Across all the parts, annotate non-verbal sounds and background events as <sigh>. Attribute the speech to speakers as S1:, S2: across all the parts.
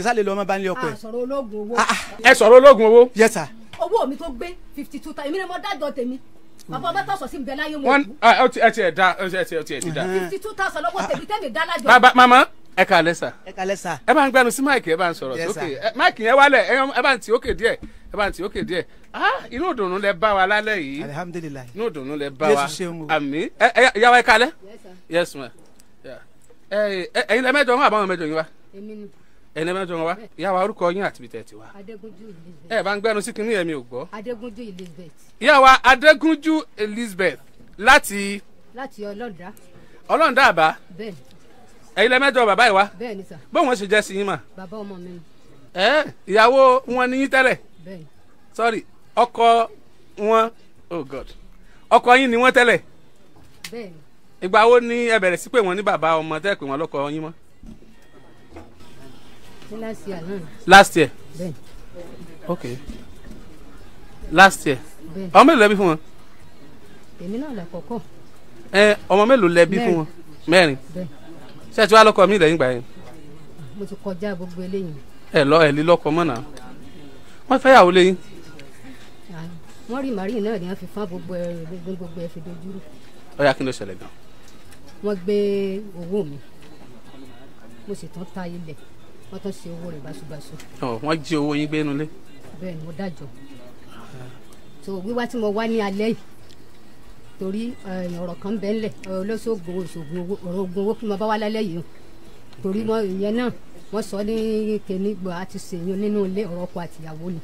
S1: sálẹ̀ lọ́mọ bá ń lé ọkọ ẹ̀.
S2: àsọ̀rọ̀ ah, ológun owó. Ah,
S1: ah. ẹ sọ̀rọ̀ ológun owó. yes sir.
S2: owó mi tó gbé fifty two thousand èmi ni mo dájọ́ tèmi bàbá ọba tọ̀sọ̀ sí bẹ̀ láyé wọn.
S1: ẹ ti ẹ ti ẹ da ẹ ti ẹ ti ẹ ti da. Uh-huh. fifty
S2: two thousand lọ́wọ́ tèmi tèmi dá lájọ. bàbá màmá ẹ kà lẹ́sà. ẹ
S1: kà lẹ́sà. ẹ bá ń gbẹnu sí máìkì ẹ bá ń sọ̀rọ̀ sókè máìkì yẹn wálẹ̀ ẹ bá ń tì ókè díẹ̀ ẹ bá ń tì ókè díẹ̀ inú ìdùnnú lẹ bá wa lálẹ́ yìí alihamudulilayi inú ìdùnnú lẹ bá wa àmín ẹ yà wá ẹ kà lẹ́ yes ma ẹyin lẹ mẹ́jọ ń wà báwọn mẹ́jọ yín wa. èmi ni ẹni mẹ́jọ wa ìyá wa orúkọ yín àti bìtẹ tiwa.
S2: Adégúnjú Elizabeth.
S1: ẹ bá ń gbẹnu sí kinní ẹ̀mí ò gbọ́.
S2: Adégúnjú Elizabeth.
S1: ìyá wa Elizabeth láti.
S2: láti ọlọ́ọ̀dá. ọlọ́ọ̀dá àbá. bẹ́ẹ̀ni.
S1: ẹ̀yin lẹ mẹ́jọ bàbá yìí wa. bẹ́ẹ̀ni sà. bóun wọn ṣe jẹ́ sí yín mà. bàbá ọmọ mi. ẹ ìyàwó wọn ni yín tẹ́lẹ̀. bẹ́ẹ̀ni. sorry ọkọ wọn oh god ọkọ yín ni wọn tẹ́lẹ̀. bẹ́ẹ̀ni. ìgbà wo ni ẹ bẹ̀rẹ̀ sí pé wọ́n ní bàbá ọmọ tẹ́ pé wọ́n lọ́kọ yín mọ́
S2: last year náà.
S1: last year. bẹ́ẹ̀. ok last year. bẹ́ẹ̀. ọmọ mélòó lẹbí fún wọn.
S2: èmi náà là kọ́kọ́.
S1: ẹ ọmọ mélòó lẹbí fún wọn. mẹ́rin. bẹ́ẹ̀. ṣé ẹ ti wá lọ́kọ mi lẹ́yìn ìgbà yẹn.
S2: mo ti kọjá gbogbo eléyìí.
S1: ẹ lọ ẹ lé lọ́kọ mọ́ náà wọ́n fẹ́ yàwó lẹ́yìn.
S2: wọ́n rí màrí náà ni wọ́n fi fán gbogbo ẹ gbogbo ẹ fi dojúrú.
S1: ó yá kí ló ṣẹlẹ̀ gan.
S2: wọ́n gbé owó mi mo sì tún ta ilẹ̀ wọ́n tó ṣe owó rẹ̀ báṣubàṣu.
S1: ọ wọ́n jí owó yín gbénu lé.
S2: bẹ́ẹ̀ ni mo dájọ́ ah. so wíwá tí mo wá ní alẹ́ yìí torí eh, ọ̀rọ̀ kan bẹ́ẹ̀ ńlẹ̀ eh, olóṣogbo òṣogbo ọ̀rọ̀ ogun owó kí mo bá wá lálẹ́ yìí o torí mo hmm. ìyẹn náà wọ́n sọ ní kíní gbọ́ àti sèyún nínú ilé ọ̀rọ̀ ọkọ àtìyàwó ni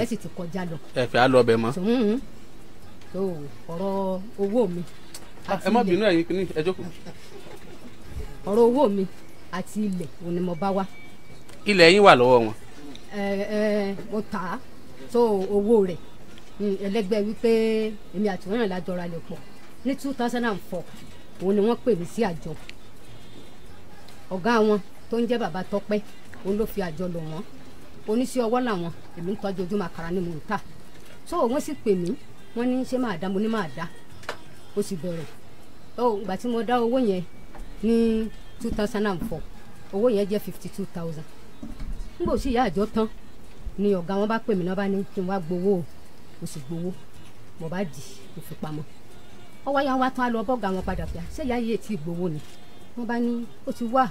S2: ẹ̀ sì ti kọjá lọ.
S1: ẹ fẹ́ á lọ ọbẹ̀ mọ́.
S2: so ọ̀rọ̀ owó mi.
S1: Ah, ẹ má bínú ẹ̀yin kíní ẹ jókòó.
S2: ọ̀rọ̀ owó mi àti ilẹ̀ òun mo bá wá
S1: ilẹ̀ yín wà lọ́wọ́ wọn.
S2: ẹ ẹ mo tà á tó owó rẹ̀ ẹlẹ́gbẹ́ wípé èmi àti wọn náà la jọra lè pọ̀ ní two thousand and four òun ni wọ́n pè mí sí àjọ ọ̀gá wọn tó ń jẹ́ bàbá tọ́pẹ́ òun ló fi àjọ lò wọ́n oníṣẹ́ ọwọ́ làwọn èmi ń tọ́jú ojú màkàrà ni mò ń tà tó wọ́n sì pè mí wọ́n ní ṣé máa dá mo ní máa dá ó sì bẹ̀rẹ̀ ó ìgbà tí mo dá owó yẹn ní two thousand and four owó yẹn jẹ́ fifty two thousand nígbà òsì ìyá àjọ tán ni ọ̀gá wọn bá pè mí náà ní kí n wá gbowó mo sì gbowó mo bá dì mo fi pamọ́ ọwọ́ ya wa tán á lọ bọ́gà wọn padà bíà ṣé ìyá yìí ti gbowó ni wọ́n bá ní ó ti wà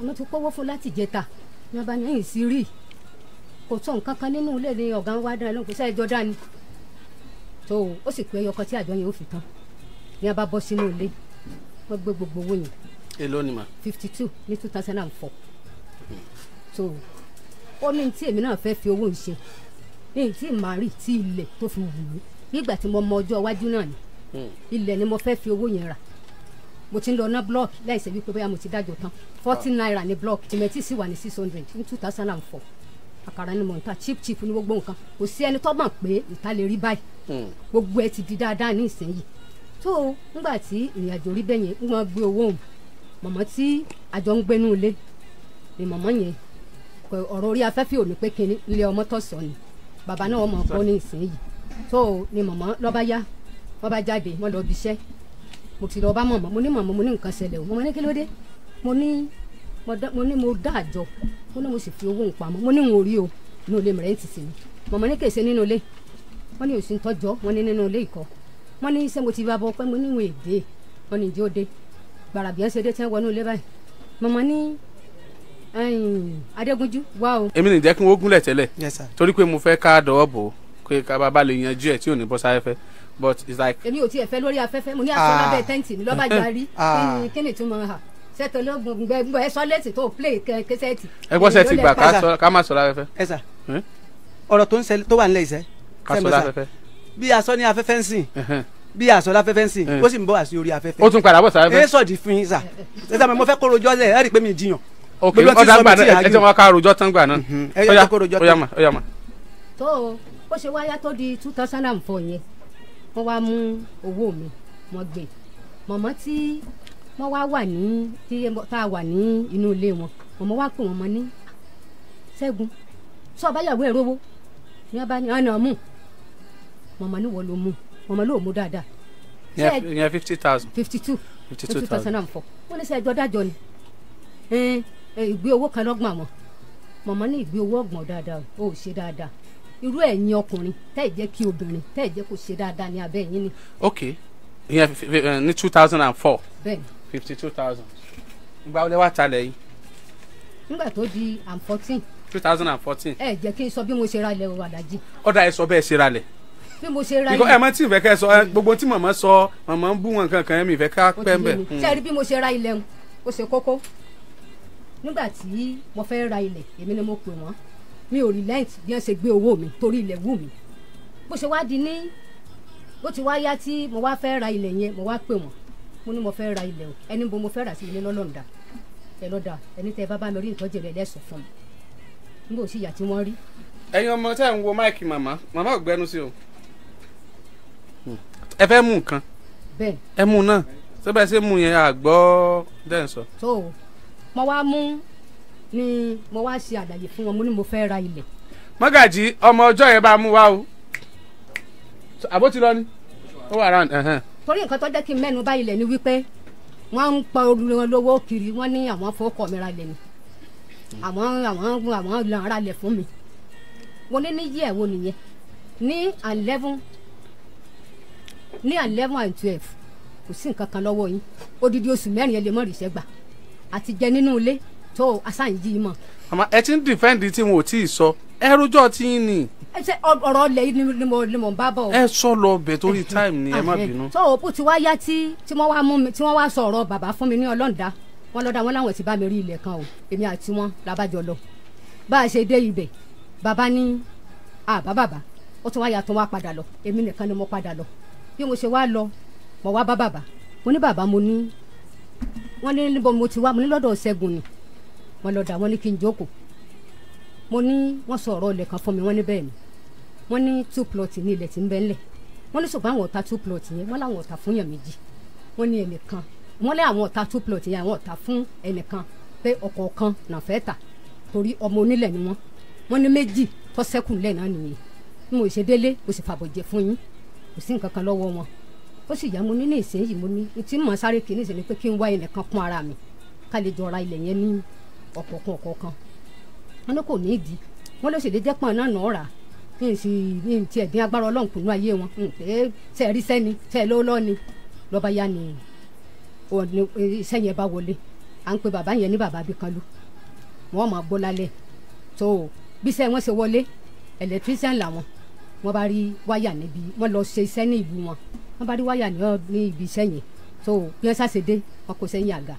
S2: ọ̀nà ti kówó fún láti jẹta wọ́n bá ní ẹ̀yìn sí rí kò tó nǹkan kan nínú ilé ni ọ̀gá wọn wá dáná lóhùn kò sẹ́ ẹjọ́ dání tó ó sì pé ọkọ tí àjọ yẹn ó fi tán ni a bá bọ́ sínú ilé wọ́n gbé gbogbo owó yẹn. èló ni mà. fifty two ní two thousand and four. so ó ní tí èmi náà fẹ́ fi owó ṣe ní tí màárì tí ilẹ̀ tó fi wù mí nígbà tí mo mọ ọjọ́ iwájú náà ni hmm. ilẹ̀ ni mo fẹ́ fi owó yẹn rà mo ti ń lọ ná blọọkì láìsẹ̀ wípé bóyá mo ti dájọ́ tán fourteen ah. naira ní blọọkì tìmẹ̀tì sì wà ní six hundred ní two thousand and four àkàrà ni mò ń ta cheap cheap ní gbogbo nǹkan kò sí ẹni tó mọ̀ pé ìta lè rí báyìí hmm. gbogbo ẹ ti di dáadáa ní ìsinyìí tó ngbà tí ìrìnàjò rí bẹ́yẹn ń gbọ́n gbé owó òun mọ̀mọ́ tí àjọ ń gbénú ilé ni mọ̀mọ́ yẹn ọ̀rọ̀ orí afẹ́fẹ́ ò ní pé kinní ilé ọmọ tó sọ ni bàbá náà ọmọ ọkọ ní ìsinyìí tó ni mọ̀mọ́ lọ́ba yá wọ́n bá jáde wọ́n lọ bíṣẹ́ mo ti lọ bá mọ̀mọ́ mo ní mọ̀mọ́ mo ní nǹkan ṣẹlẹ̀ o mo ní kí ló dé mo ní mo ní mo dá àjọ mo ní mo sì fi owó ń pamọ́ mo ní n ò rí o inú ilé mìíràn ti sì ni mọ̀mọ́ ní kèsè nínú ilé wọ́n ní òsì ń tọ́jọ́ wọ́n ní nínú ilé ìkọ́ wọ́n ní sẹ́ mo ti bá bọ́ pé mo níwèé dé wọ́n ní ìdí ó dé gbàràbíyàn ṣe wọnú ilé báyìí mọ̀mọ́ ní adégunjú wá o.
S1: èmi nìjẹ́ kí n ó gúnlẹ̀ tẹ́lẹ̀ torí pé mo fẹ́ ká dọ̀wọ́ bò ó pé ká bàbá lè yanjú ẹ̀ tí ò ní bọ́ sáfẹ́fẹ́ but it's like.
S2: èmi ò tiẹ̀ fẹ́ lórí afẹ́fẹ́ mo ní aṣọ ah. tẹ́ǹtì mi lọ́ba jàrí <laughs> ah. kí ni túmọ̀ ha sẹ́tọ̀ lọ́gùn gbẹ̀gbọ́ ẹ sọ́lẹ́tì tó play kẹsẹ́tì. ẹ gbọ́ sẹ́tì gbà
S3: ká má sọ láfẹ́fẹ́. ẹ sà hm? ọ̀rọ̀ tó ń ṣẹlẹ̀ tó wà nílẹ̀ ìṣẹ́. ká sọ láfẹ́fẹ́. bí aṣọ ní afẹ́fẹ́ ń sìn bí aṣọ láfẹ́fẹ́ ń sìn ó sì ń bọ́ àṣírí afẹ́fẹ́. ó tún padà bọ̀ sáfẹ́fẹ́. ẹ sọ̀dí fún yín sà <laughs> ẹ sà mo fẹ́ kó rojọ́ lẹ̀ ẹ rí i pé mi jiyàn ok ọ̀dà gbà náà ẹ jẹ́ wọn
S1: ká rojọ́ tán gbà náà mhm. ọ̀yà ọ̀yà mà ọ̀yà mà.
S2: tó o ó ṣe wáyá tó di two thousand and four yẹn wọ́n wá mú owó mi mo gbé mọ̀mọ́ tí wọ́n wá wà ní tí tá a wà ní inú ilé wọn mọ̀mọ́ wá pè wọ́n mọ́ ní Ṣẹ́gun sọ báyàwó ẹ̀rọ owó ní abá ní ọ̀nà mú mọ̀mọ́ ní wọ́n ló mú mọ̀mọ́ ló mú dáadáa.
S1: ìyẹn fifty thousand. fifty two fifty two thousand
S2: and four wọ́n ní sẹ́jọ́ dájọ́ ni ìgbé owó kan lọ́gbọ̀n àwọn màmá ní ìgbé owó ọ̀gbọ̀n dáadáa o ò ṣe dáadáa irú ẹ̀yin ọkùnrin tẹ́ ẹ̀ jẹ́ kí obìnrin tẹ́ ẹ̀ jẹ́ kó ṣe dáadáa ní abẹ́ ni. ok
S1: eh, ní two thousand and four fifty two thousand ìgbà
S2: nígbà tó di am fourteen.
S1: two thousand and fourteen.
S2: ẹ kí n sọ bí mo ṣe ra ilẹ̀ Ọ̀làjì.
S1: ọ̀dà ẹ sọ bẹ́ẹ̀ ṣe ra bí mo ṣe gbogbo tí
S2: mo ṣe ra nígbà tí mo fẹ́ ra ilẹ̀ èmi ni mo pè wọ́n mi ò relent bí wọ́n ṣe gbé owó mi torí ilẹ̀ wù mí bó ṣe wá di ní bó ti wá yá tí mo wá fẹ́ ra ilẹ̀ yẹn mo wá pè wọ́n mo ní mo fẹ́ ra ilẹ̀ o ẹni bo mo fẹ́ rà sí ilé lọ́lọ́ǹda ẹ lọ́dà ẹni tẹ bá bá mi rí ìtọ́jú rẹ lẹ́sọ̀ fún mi nígbà òsì ìyà tí wọ́n rí.
S1: ẹ̀yin ọmọ tẹ́ ń wo máìkì màmá màmá ò gbẹnu sí o ẹ fẹ́ mú nǹkan ẹ mú náà ṣé bẹ́ẹ̀ ṣe mú yẹn àgbọ̀ dẹ́n sọ.
S2: tó o mo wá mú ni mo wá ṣe àlàyé fún wọn mo ní mo fẹ́ ra ilẹ̀.
S1: mọ́gàjì ọmọ ọjọ́ yẹn bá mú wá o àbó ti lọ ni ó wà round.
S2: torí nǹkan tó jẹ́ kí n mẹ́nu bà ilẹ̀ ni wípé wọ́n ń pa orí wọn lówó kiri wọ́n ní àwọn fọ́kọ̀ mi ra ilẹ̀ ni àwọn àwọn àwọn ìlànà ara ilẹ̀ fún mi mo ní ní yíyẹ̀ wo nìyẹn ní eleven ní eleven and twelve kò sí nǹkan kan lọ́wọ́ yín odidi oṣù mẹ́rin ẹ lè mọ̀ rí gbà àti jẹ nínú ilé tó asáǹjì mọ.
S1: àmọ́ ẹ ti ń dìfẹ́ǹdì tí wọn ò tí ì sọ ẹrújọ tí ń nì.
S2: ẹ ṣe ọ̀rọ̀ ilẹ̀ yìí ni mo ni mo ń bá bọ̀. ẹ
S1: sọ lọ bẹ torí táìmù ni ẹ má bínú. tó
S2: o bó ti wá yá tí tí wọ́n wá mú mi tí wọ́n wá sọ ọ̀rọ̀ bàbá fún mi ní ọlọ́ǹda wọn lọ́dà wọn láwọn ti bá mi rí ilẹ̀ kan o èmi àti wọn labájọ lọ bá a ṣe dé ibẹ̀ bàbá ní àbá bàbá ó tún wá yàtọ̀ wá padà lọ èmi nìkan ni mo padà lọ bí mo ṣe wá lọ mo wá bá bàbá mo ní bàbá mo ní wọ́n ní níbo mo ti wá mo ní lọ́dọ̀ ṣẹ́gun ni wọ́n lọ́dà wọ́n ní kí n jókòó mo ní wọ́n sọ ọ̀rọ̀ ilẹ̀ kan fún mi wọ́n ní bẹ́ẹ̀ ni wọ́n ní two plot ní ilẹ̀ tí ń bẹ ńlẹ̀ wọ́n ní ṣùgbọ́n àwọn ọ̀tá two plot yẹn wọ́n láwọn ọ̀tá fún yàn méjì wọ́n ní ẹnìkan wọ́n lé àwọn ọ̀tá two plot yẹn àwọn ọ̀tá fún ẹnìkan pé ọ̀kọ̀ọ̀kan náà fẹ́ tà torí ọmọ onílẹ̀ ni wọ́n wọ́n ní méjì tó ṣẹ́kù ńlẹ̀ náà nìyẹn n ṣe délé kò sì fàbọ̀jẹ̀ fún yín kò sí nǹkan kan lọ́wọ́ wọn ó sì yá mo ní ní ìsinyìí mo ní n tí mọ̀ sáré kì í ni pé kí n wá ilẹ̀ kan kún ara mi ká lè jọ ra ilẹ̀ yẹn ní ọ̀kọ̀ọ̀kan ọ̀kọ̀ọ̀kan wọn ní kò ní ìdí wọn ló sì lè jẹ́ pọ̀ náà nà ọ́ rà ní ìsì ní ìtì ẹ̀dín agbára ọlọ́run kùnú ayé wọn pé ṣe rí sẹ́ni ṣe ló lọ́ ni lọ́ba yá ni iṣẹ́ yẹn bá wọlé à ń pe bàbá yẹn ní bàbá Abíkanlú wọn máa gbọ́ lálẹ́ tó bí iṣẹ́ wọn ṣe wọlé electrician làwọn wọn bá rí wáyà níbi wọn lọ ṣe iṣẹ́ ní ìlú wọn wọ́n bá rí wáyà ní ibi iṣẹ́ yẹn so bí wọ́n ṣàṣedé wọn kò sẹ́yìn àga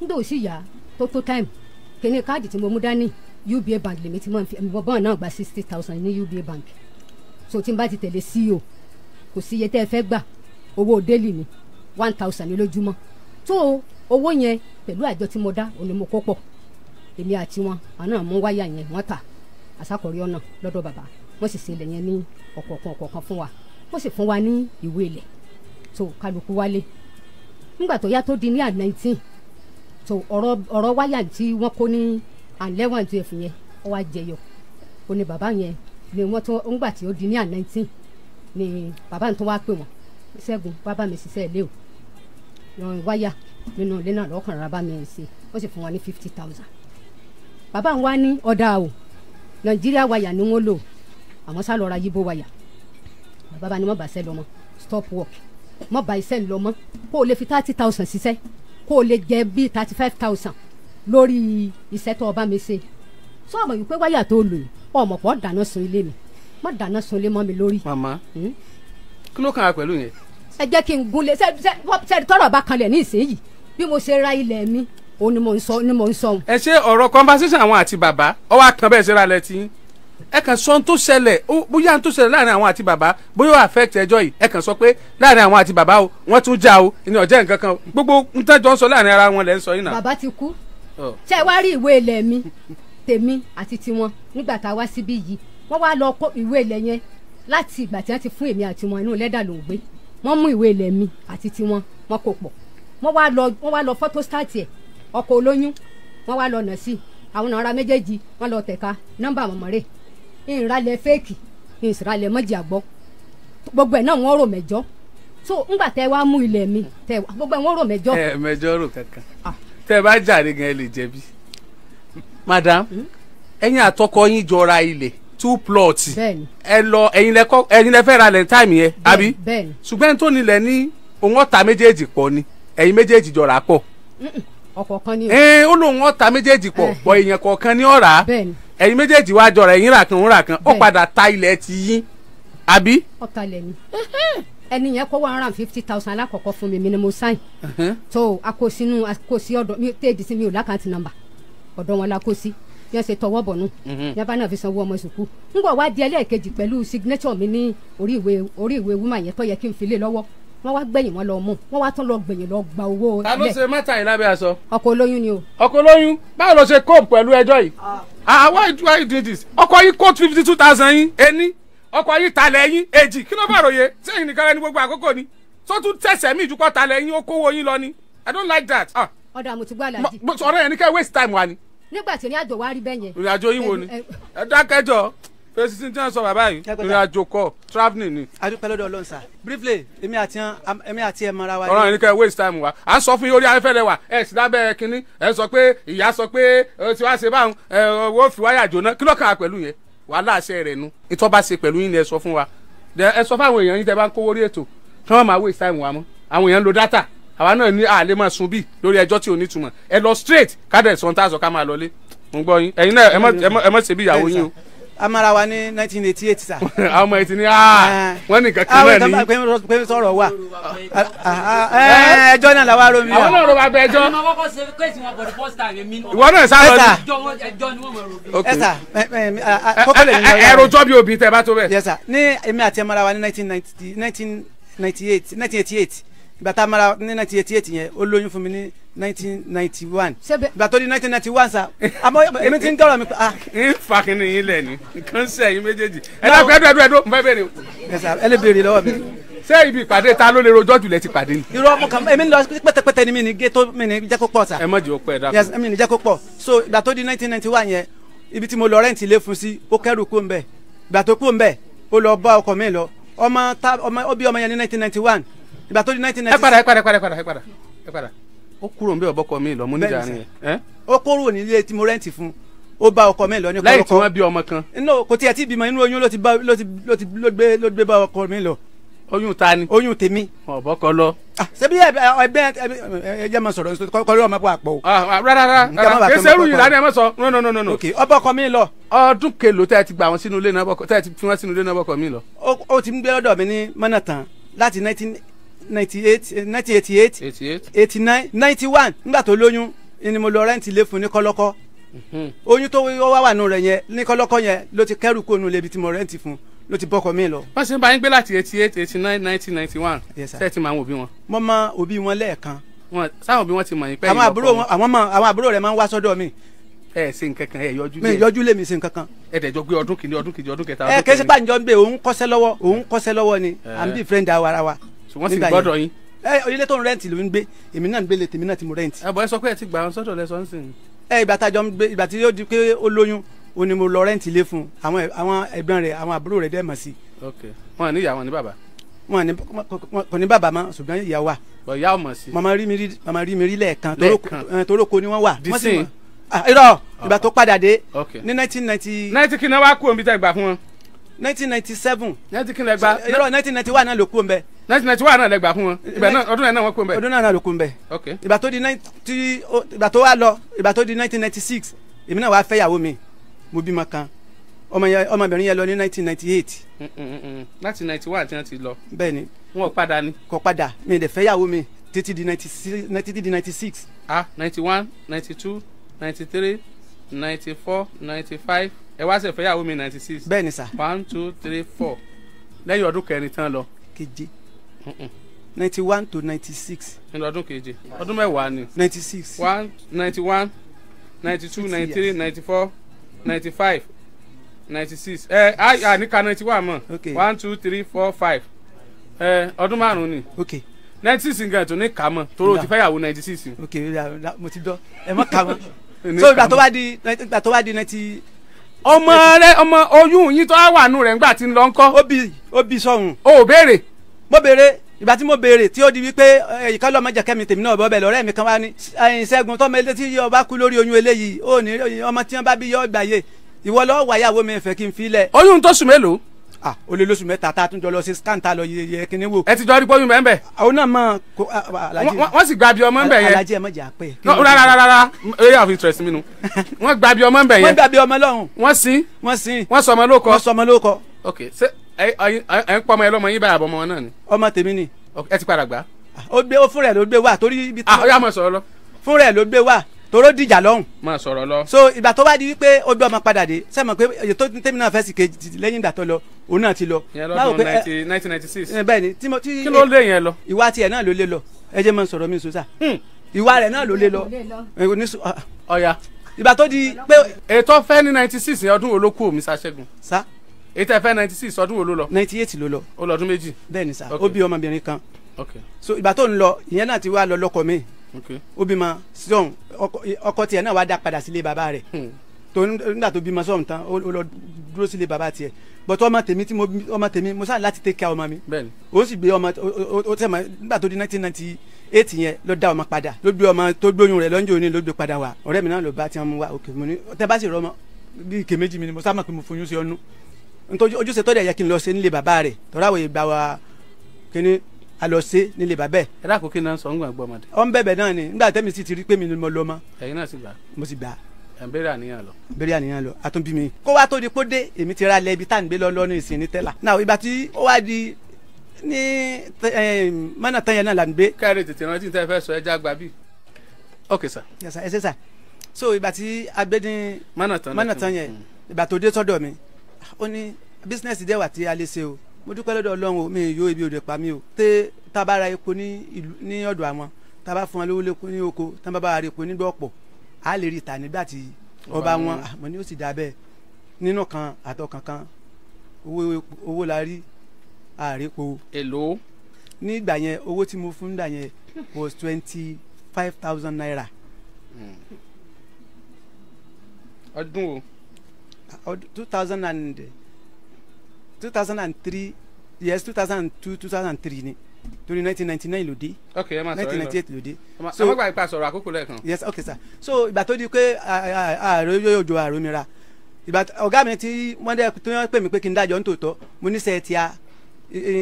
S2: nígbà òsì yá tó tó time kìnìún káàdì tí mo mú dání uba bank lèmi ti mọ̀ fi ẹ̀mí bọ́ọ̀ náà gba sixty thousand ní uba bank so tí n bá ti tẹ̀lé ceo kò sí iye tẹ́ ẹ fẹ́ gbà owó délì ni one thousand lójúmọ́ tó owó yẹn pẹ̀lú àjọ tí mo dá òní mo kó pọ̀ èmi àti wọn àná mú wáyà yẹn wọ́n tà àsákọ̀rí ọ̀nà lọ́dọ̀ bàbá wọ́n sì ṣe ilẹ̀ yẹn ní ọ̀kọ̀ọ̀kan ọ̀kọ̀ọ̀kan fún wa wọ́n sì fún wa ní ìwé ilẹ̀ tó kálukú wálé nígbà tó yá tó di ní à nineteen tó ọ̀rọ̀ ọ̀rọ̀ wáyà tí wọ́n kó ní àlẹ́wọ̀n tó ẹ̀fìn yẹn ó wá jẹyọ ó ní bàbá yẹn ni wọ́n tó ńgbà tí ó di ní à nineteen ni bàbá tó wá pè wọ́n ṣẹ́gun bàbá mi ṣiṣẹ́ ilé o yan wáyà nínú ilé náà lọ́kàn rárá bá mi ṣe wọ́n sì fún wa ní fifty thousand bàbá wa ní ọ̀dà o nàìjíríà wáyà ni wọ́n lò àmọ́ sá lọ́ra yíbó wáyà Baba, ni mo bá sẹ́ lọ mọ́ stop work mo ba iṣẹ́ lọ mọ́ kó o fi thirty thousand ṣiṣẹ́ kó o lè jẹ bíi thirty five thousand Lori, iṣẹ́ tó o bá mi ṣe sọ ọmọ yìí pé wáyà tó lò yìí ọmọ pọ̀ dáná sun ilé mi mo dáná sun ilé mọ́ mi lórí. màmá
S1: hmm? kí ló kàn á pẹ̀lú yẹn.
S2: ẹ jẹ́ kí n gúnlẹ̀ ṣe tọrọ bá kanlẹ̀ ní ìsinyìí bí mo ṣe ra ilẹ̀ mi òun ni mo ń sọ òun.
S1: ẹ ṣe ọ̀rọ̀ conversation àwọn àti bàbá ọwọ́ àkànbẹ̀ ṣe ra lẹ́tí ẹ kàn sọ tó ṣẹlẹ̀ bóyá tó ṣẹlẹ̀ láàrin àwọn àti bàbá bóyá ó affect ẹjọ́ yìí ẹ kàn sọ pé láàrin àwọn àti bàbá o wọ́n tún já o ìní ọ̀jẹ̀ nǹkan kan gbogbo ntẹ́jọ́ ń sọ láàrin ara wọn lẹ́ ń sọ yìí náà. bàbá ti kú oh.
S2: ṣé wàá rí ìwé ilẹ̀ mi tèmi àti tiwọn nígbà tá a wá síbí yìí wọ́n wá lọ kó ìwé ilẹ̀ yẹn láti ìgbà tí wọ́n ti fún èmi àti wọn inú lẹ́dà ló ń gbé wọ́n mú ìwé ilẹ̀ mi àti tiwọn wọ́n kò pọ̀ wọ́n wá lọ wọ́n wá lọ fọ́tò stáàtì ẹ̀ ọkọ̀ olóyún wọ́n wá lọ nà sí àwọn ọ̀nà ara méjèèjì wọ́n lọ tẹ̀ka nọ́mbà mọ̀mọ́rẹ́ ìrànlẹ̀ fẹ́ẹ̀kì ìsìrànlẹ̀ mọ́jì àgbọ́ gbogbo ẹ̀ náà wọ́n rò so ńgbà tẹ wá mú mi tẹ gbogbo ẹ̀ wọ́n rò ẹ mẹ́jọ
S1: rò kankan ah. tẹ bá jàre gan ẹ lè madam hmm? ẹ̀yin àtọkọ yín jọra ilẹ̀ two plot ẹ lọ ẹ̀yin ra ní òun ọ̀tá ni méjèèjì jọra pọ̀
S2: ọkọ̀ kan ni. ẹ
S1: ó lóun ọ̀tá
S2: ẹ̀yin méjèèjì wá jọrọ ẹyin rà kan òun rà kan ó padà ta ilẹ̀ ti yín àbí. ọ̀kalẹ̀ ni ẹni yẹn kó one hundred and fifty thousand alákọ̀ọ́kọ́ fún mi mi ni mo sign tó akó akosi ọdọ sí ọ̀dọ̀ mi téèjì sí mi ò lákàntì nọ́mbà ọ̀dọ̀ wọn la kó yẹn ṣe tọwọ́ bọ̀ yẹn bá náà fi sanwó ọmọ sùkú ń bọ̀ wá di ẹlẹ́ẹ̀kejì pẹ̀lú signature mi ní orí ìwé orí ìwé woman yẹn tó yẹ kí n fi lọ́wọ́ wọ́n wá gbẹ̀yìn wọn lọ mú wọ́n wá tún lọ gbẹ̀yìn lọ gba owó. ta ló ṣe
S1: mẹ́ta yìí lábẹ́ aṣọ. ọkọ olóyún ni o. ọkọ olóyún báwo ló ṣe cope pẹ̀lú ẹjọ́ yìí. ah, ah why do I do ọkọ yìí coat fifty two thousand yín ení ọkọ yìí talẹ̀ yín èjì kí ló bá ròye sẹ́yìn nìkan ẹni gbogbo àkókò ni tó tún tẹ̀sẹ̀ mí ìdúpọ̀ talẹ̀ yín ó kówó yín lọ ni I don't like that. Ah.
S2: ọ̀dà àmọ̀ tí gbọ́ àlàjì.
S1: ọ̀rọ̀ yẹn ni kẹ́ waste time wa ni.
S2: nígbà tí ní àjò wa rí bẹ́ẹ̀ yẹn. ìrìnàjò yín wo ni
S3: ẹ dákẹ́jọ́ fèsì tí n sọ bàbá yìí ìrìn àjò kọ travelling ni. a dúpẹ́ lọ́dọ̀ Ọlọ́run sá briefly èmi àti èmi àti ẹ̀ mara wa. ọ̀rọ̀
S1: yìí waste time wa à ń sọ fún yín orí afẹ́fẹ́ wa ẹ̀ sì lábẹ́ kínní ẹ̀ sọ pé ìyá sọ pé o ti ṣe báwọn ẹ̀ owó fi wáyà jóná kí ló kà á pẹ̀lú yẹn wàhálà àṣẹ rẹ̀ nu ìtọ́ bá ṣe pẹ̀lú yín ni ẹ sọ fún wa ẹ sọ fáwọn èèyàn yín tẹ́ bá ń kówó rí ètò kí wọ́n máa waste time wa mọ́ àwọn èèyàn lo data àwa náà ní àlè máa sun bíi lórí ẹjọ́ tí ò ní túmọ̀ ẹ lọ straight kádẹ̀ sọ̀ńtà sọ ká máa lọlé mo gbọ́ yín ẹ̀yin náà ẹ mọ̀ ṣe bí ìyàwó yín o
S3: amara wa ní nineteen eighty eight sa. <laughs>
S1: àwọn ọmọ ìtìní ah, eh. wọn ní kankan náà ah, ní.
S3: àwọn ìtàn pé sọ̀rọ̀ wa ah, eh, eh? ẹjọ́ náà làwọn arọ mi. àwọn náà rọba bẹ ẹjọ́. ìwọ náà sá lọ ní. ẹsà kókó lè ní. ẹrù jọ bí obì tẹ bá tó bẹ. yẹsà ní èmi àti amara wa ní nineteen ninety eight nineteen eighty eight ìgbà tá a mara ní nineteen eighty eight yẹn ó lóyún fún mi ní nineteen ninety one ìgbà tó di nineteen ninety one sa àmọ́ èmi ti ń dọ̀rọ̀ mi. n ah. fa kini yín lẹ ni nǹkan sẹ yín méjèèjì ẹ dàgbẹ́ ẹdùn ẹdùn ẹdùn nfẹ́ bẹ̀rẹ̀ o. ẹ sà ẹ lè béèrè lọ́wọ́ mi. ṣé ibi ìpàdé ta ló lè rojọ́ jùlẹ̀ ti pàdé ni. irọ́ mo kàn èmi lọ pẹ́tẹ́pẹ́tẹ́ ni mi ní gé tó mi ní jẹ́ kó pọ̀ sa. ẹ mọ̀ jẹ́ kó pẹ́ dákun. mi ní jẹ́ kó pọ̀ so ìgbà tó di nineteen ninety one yẹn ibi tí mo lọ rẹ́ǹtì ilé fún sí ó kẹ́rù kó ń bẹ̀ ìgbà tó kó ń bẹ̀ ó ìgbà tó di nineteen ninety. ẹ padà ẹ padà ẹ padà ẹ padà ẹ padà ó kúrò ń bẹ ọbọkọ mi lọ mo níjà rìn yẹn. ó kúrò nílé tí mo rẹ́ǹtì fún ó bá ọkọ mi lọ ní kọ́lọ́kọ́ lẹ́yìn tí wọ́n bí ọmọ kan. inú kò tiẹ̀ tí bímọ inú oyún ló ti gbé ló gbé bá ọkọ mi lọ. oyún ta ni. oyún tèmi. ọbọkọ lọ. ṣebí ẹgbẹ ẹjẹ máa sọ̀rọ̀ nítorí kọlọ ọmọ pọ àpọ o.
S1: rárá rárá kẹsẹ rú yìí lánàá ẹ má sọ no no no no no. ok ọbọkọ mi lọ.
S3: ọdún kelo tẹ́ ẹ ti gbà wọn sínú ilé náà bọ́kọ tẹ́ ẹ ti fi wọn sínú ilé náà bọ́kọ mi lọ. ó ti ń gbé lọ́dọ̀ mi ní mọ́nà tán láti nineteen ninety eight eh, ninety eighty eight eighty nine ninety one nígbà tó lóyún ni mo lọ rẹ́ǹtì ilé fún ní kọ́lọ́kọ́ mhm. oyún tó wá wà nù rẹ̀ yẹn ní yẹn ló ti kẹ́rù kó nu lebi tí mo rẹ́ǹtì fún ló ti bọ́kọ mi lọ. wọ́n sì ń bá yín gbé láti eighty eight eighty nine nineteen ninety one ṣé ẹ ti mọ àwọn òbí wọn. mo mọ òbí wọn lẹ́ẹ̀kan. sáwọn òbí wọn ti mọ̀ yín pẹ́ yín lọ́kọ̀ àwọn àbúrò rẹ̀ máa ń wá sọ́dọ̀ mi ẹ ṣe nǹkan kan ẹ yọjú lé mi yọjú lé mi ṣe nǹkan kan.
S1: ẹ dẹ̀ jọ gbé ọdún kìíní ọdún kìíní ọdún
S3: kẹta. ẹ kẹsí pàǹjọ ń bẹ òun kọsẹ̀ lọ́wọ́ òun kọsẹ̀ lọ́wọ́ ni i'm be friend ara ṣùgbọ́n sì gbọ́dọ̀ yín. ẹ ilé tó ń rẹ́ǹtì ló ń gbé èmi náà ń gbélé tèmi náà ti mo rẹ́ǹtì. ẹ bọ̀ ẹ sọ pé ẹ ti gbà ọ́n sọ́dọ̀ lẹ́sọ̀ ńsìn. ẹ ìgbà tájọ ń gbé ìgbà tí yóò di pé ó lóyún ó ní mo lọ rẹ́ǹtì ilé fún àwọn ẹ̀gbọ́n rẹ̀ àwọn àbúrò rẹ̀ dẹ́ mọ̀ sí. ok wọn ní ìyá wọn bàbá. wọn ní kò ní bàbá mọ́ ṣùgbọ́n ìyá wa.
S1: bọ̀ ìyá ọmọ sí. màmá
S3: rí mi rí lẹ́ẹ̀kan toróko ni wọ́n wà. disin ah, irọ́ ìgbà ah. náà ló kú omi bẹ́ẹ̀ nineteen ninety one náà lẹ gbà fún wọn eh, ìgbà náà eh, ọdún náà wọn kó ń bẹ. ọdún náà ló kó ń bẹ. ok ìgbà tó di ninety ìgbà tó wá lọ ìgbà tó di nineteen ninety six èmi náà wàá fẹ́ yàwó mi mo bímọ kan ọmọbìnrin yẹn lọ ní nineteen ninety eight. nineteen ninety one àti ninety ti lọ. bẹ́ẹ̀ni wọn ò padà ni. kò padà mi ì dẹ̀ fẹ́ yàwó mi títí di ninety six
S1: ah ninety one ninety two ninety three ninety four ninety five ẹ wá ṣe fẹ́ yàwó mi ninety six. bẹ́ẹ̀ni sà. one two three four lẹ́yìn ọdún kẹrin tán lọ.
S3: keje ninety one to ninety six.
S1: nínú ọdún keje ọdún mẹ́wàá ni.
S3: ninety six. one ninety one ninety two ninety three ninety four ninety
S1: five ninety six ẹ a a ninety one mọ one two three four five
S3: ẹ ọdún márùn ni. okay ninety six nǹkan tó ní kà mọ toró ti fẹ́ yàwó ninety six. okay mo ti dọ ẹ mọ kà <laughs> so ìgbà tó bá di ìgbà tó bá di ninety ọmọ rẹ ọmọ oyún yín tó wà nù rẹ ńgbà tí ń lọ ńkọ́. ó bì ó bì o ò béèrè mo béèrè ìgbà tí mo béèrè tí ó di wípé eh, ìka lọ́mọ jẹ́ kẹ́mi tèmi náà bọ́bẹ̀ lọ́rẹ́ mi kan wá ní eh, ìṣẹ́gun tọ́mọ ilé tí ọba kú lórí oyún eléyìí ó ní ọmọ tí wọ́n bá bí yọ gbàyè ìwọ lọ́ọ́ wáyàwó mi fẹ́ kí n filẹ̀. oyún tó sùn mélòó. ah o lè lóṣù mẹ́ta tá a tún jọ lọ sí scan tá a lọ yẹ yẹ kíní wò. ẹ ti jọ rí pọ́yún mẹ́ńbẹ́. àwọn náà mọ ko alaji. wọ́n sì gbabi ọmọ ń bẹ̀ yẹn. alaji ẹ
S1: mọ̀ jà pé. rárá
S3: rárá area
S1: of interest mi nu.
S3: wọ́n gbabi ọmọ ń bẹ̀ yẹn. wọ́n gbabi ọmọ lọ́hùn. wọ́n sin. wọ́n sin. wọ́n sọmọ lóko. wọ́n sọmọ lóko.
S1: ok ṣe ẹ ń pọmọ ẹ lọmọ yín báyà
S3: bọmọ náà ni. ọmọ tèmi ni. ẹ ti padà gbà. ó gbé ó fún rẹ ló gbé wá torí ibi tó. ah ọyá máa sọ̀rọ̀ lọ. fún rẹ ló gbé wá toró dìjà lọ́hùn.
S1: máa sọ̀rọ̀ lọ. so
S3: ìgbà tó bá di wípé ó gbé ọmọ padà dé sẹ́mi pé èyí tó tẹ́mi náà fẹ́ sì kejì lẹ́yìn ìgbà tó lọ òun náà ti lọ. ìyẹn lọ́dún
S1: nineteen ninety six.
S3: bẹ́ẹ̀ ni tí mo ti. kí ló lé yẹn lọ. ìwà tiẹ̀ náà ló lé lọ ẹ di pé. ètò fẹ́ ní ninety six ọdún wo èyí tẹ́ fẹ́ ninety six ọdún wo ló lọ. ninety eight ló lọ. ó lọ ọdún méjì. bẹ́ẹ̀ni sá ó bí ọmọbìnrin kan. so ìgbà tó ń lọ ìyẹn náà ti wá lọ lọ́kọ mi. ó bímọ sọhùn ọkọ tiẹ̀ náà wá dá padà sílé bàbá rẹ̀ hmm. tó nígbà tó bímọ sọhùn tán ó lọ dúró sílé bàbá tiẹ̀ bọ̀tọ̀ ọmọ tèmi tí mo ọmọ tèmi mo sáà láti take care ọmọ mi. bẹ́ẹ̀ni ó sì gbé ọmọ ó tẹ̀ mọ́ nígbà tó di nineteen ninety eight yẹn ló dá ọmọ padà ló gbé ọmọ tó gbóyún rẹ̀ lọ́njọ́ òní ló gbé padà wá ọ̀rẹ́ mi náà ló bá tiwọn mú wá òkè mo ní tẹ́ bá sì rọ ọmọ bí ike méjì mi ni mo sábà pé mo foyún sí ọnu nítorí ojúṣe tọ́jà yẹ kí n lọ ṣe nílé bàbá rẹ̀ tọ́ra àwọn ìgbà wa kíní alọ́ṣe nílé bàbá ẹ̀. ẹ dákun kí náà sọ ń gbà gbọ́ ọmọdé. ọ ń bẹ̀bẹ̀ náà ni nígbà tẹ́mi sì ti rí pé mi ni mo lọ mọ́. ẹ̀yin náà sì gbà. mo sì gbà.
S1: ẹ̀ ń bẹ̀rẹ̀ àníyàn lọ.
S3: bẹ̀rẹ̀ àníyàn lọ a tún bí mi. kó wá tó di pódé èmi ti ra lẹ́bi tá à ń gbé lọ́lọ́ sir. yes sir ẹ sir. so ìgbà tí agbẹ́dín mọ́nà tán yẹn hmm. ìgbà tó dé sọ́dọ̀ mi ó ní bísínẹ́sì dẹ̀ wà tí a lè ṣe o mo dúpẹ́ lọ́dọ̀ ọlọ́run o mi yóò ibi òde pa mi o tẹ́ tabara epo ní ìlú ní ọ̀dọ̀ àwọn taba fún wọn lówó lẹ́kọ́ ní oko tán bá bá a rí epo nígbà ọ̀pọ̀ a lè rí ìta nígbà tí ọba wọn àmọ́ ah, ni ó sì dá bẹ́ẹ̀ nínú kan àtọkàn kan owó la rí àrépo. èlò. nígbà yẹn owó tí mo fún nígbà yẹn was twenty five thousand naira. Hmm. ọdún o. 2003 yes 2002 2003 ni torí 1999 ló dé.
S1: ok ẹ máa sọ̀rọ̀ yìí lọ 1998
S3: ló dé. so ọmọ gba ipa sọ̀rọ̀ àkókò lẹ́ẹ̀kan. yes ok sir so ìgbà tó di pé ààrẹ yóò jọ ààrẹ mi ra ìgbà ọ̀gá mi tí wọ́n dẹ́ tó yàn pè mí pé kí n dájọ́ nítòótọ́ mo ní sẹ́ẹ̀ tí a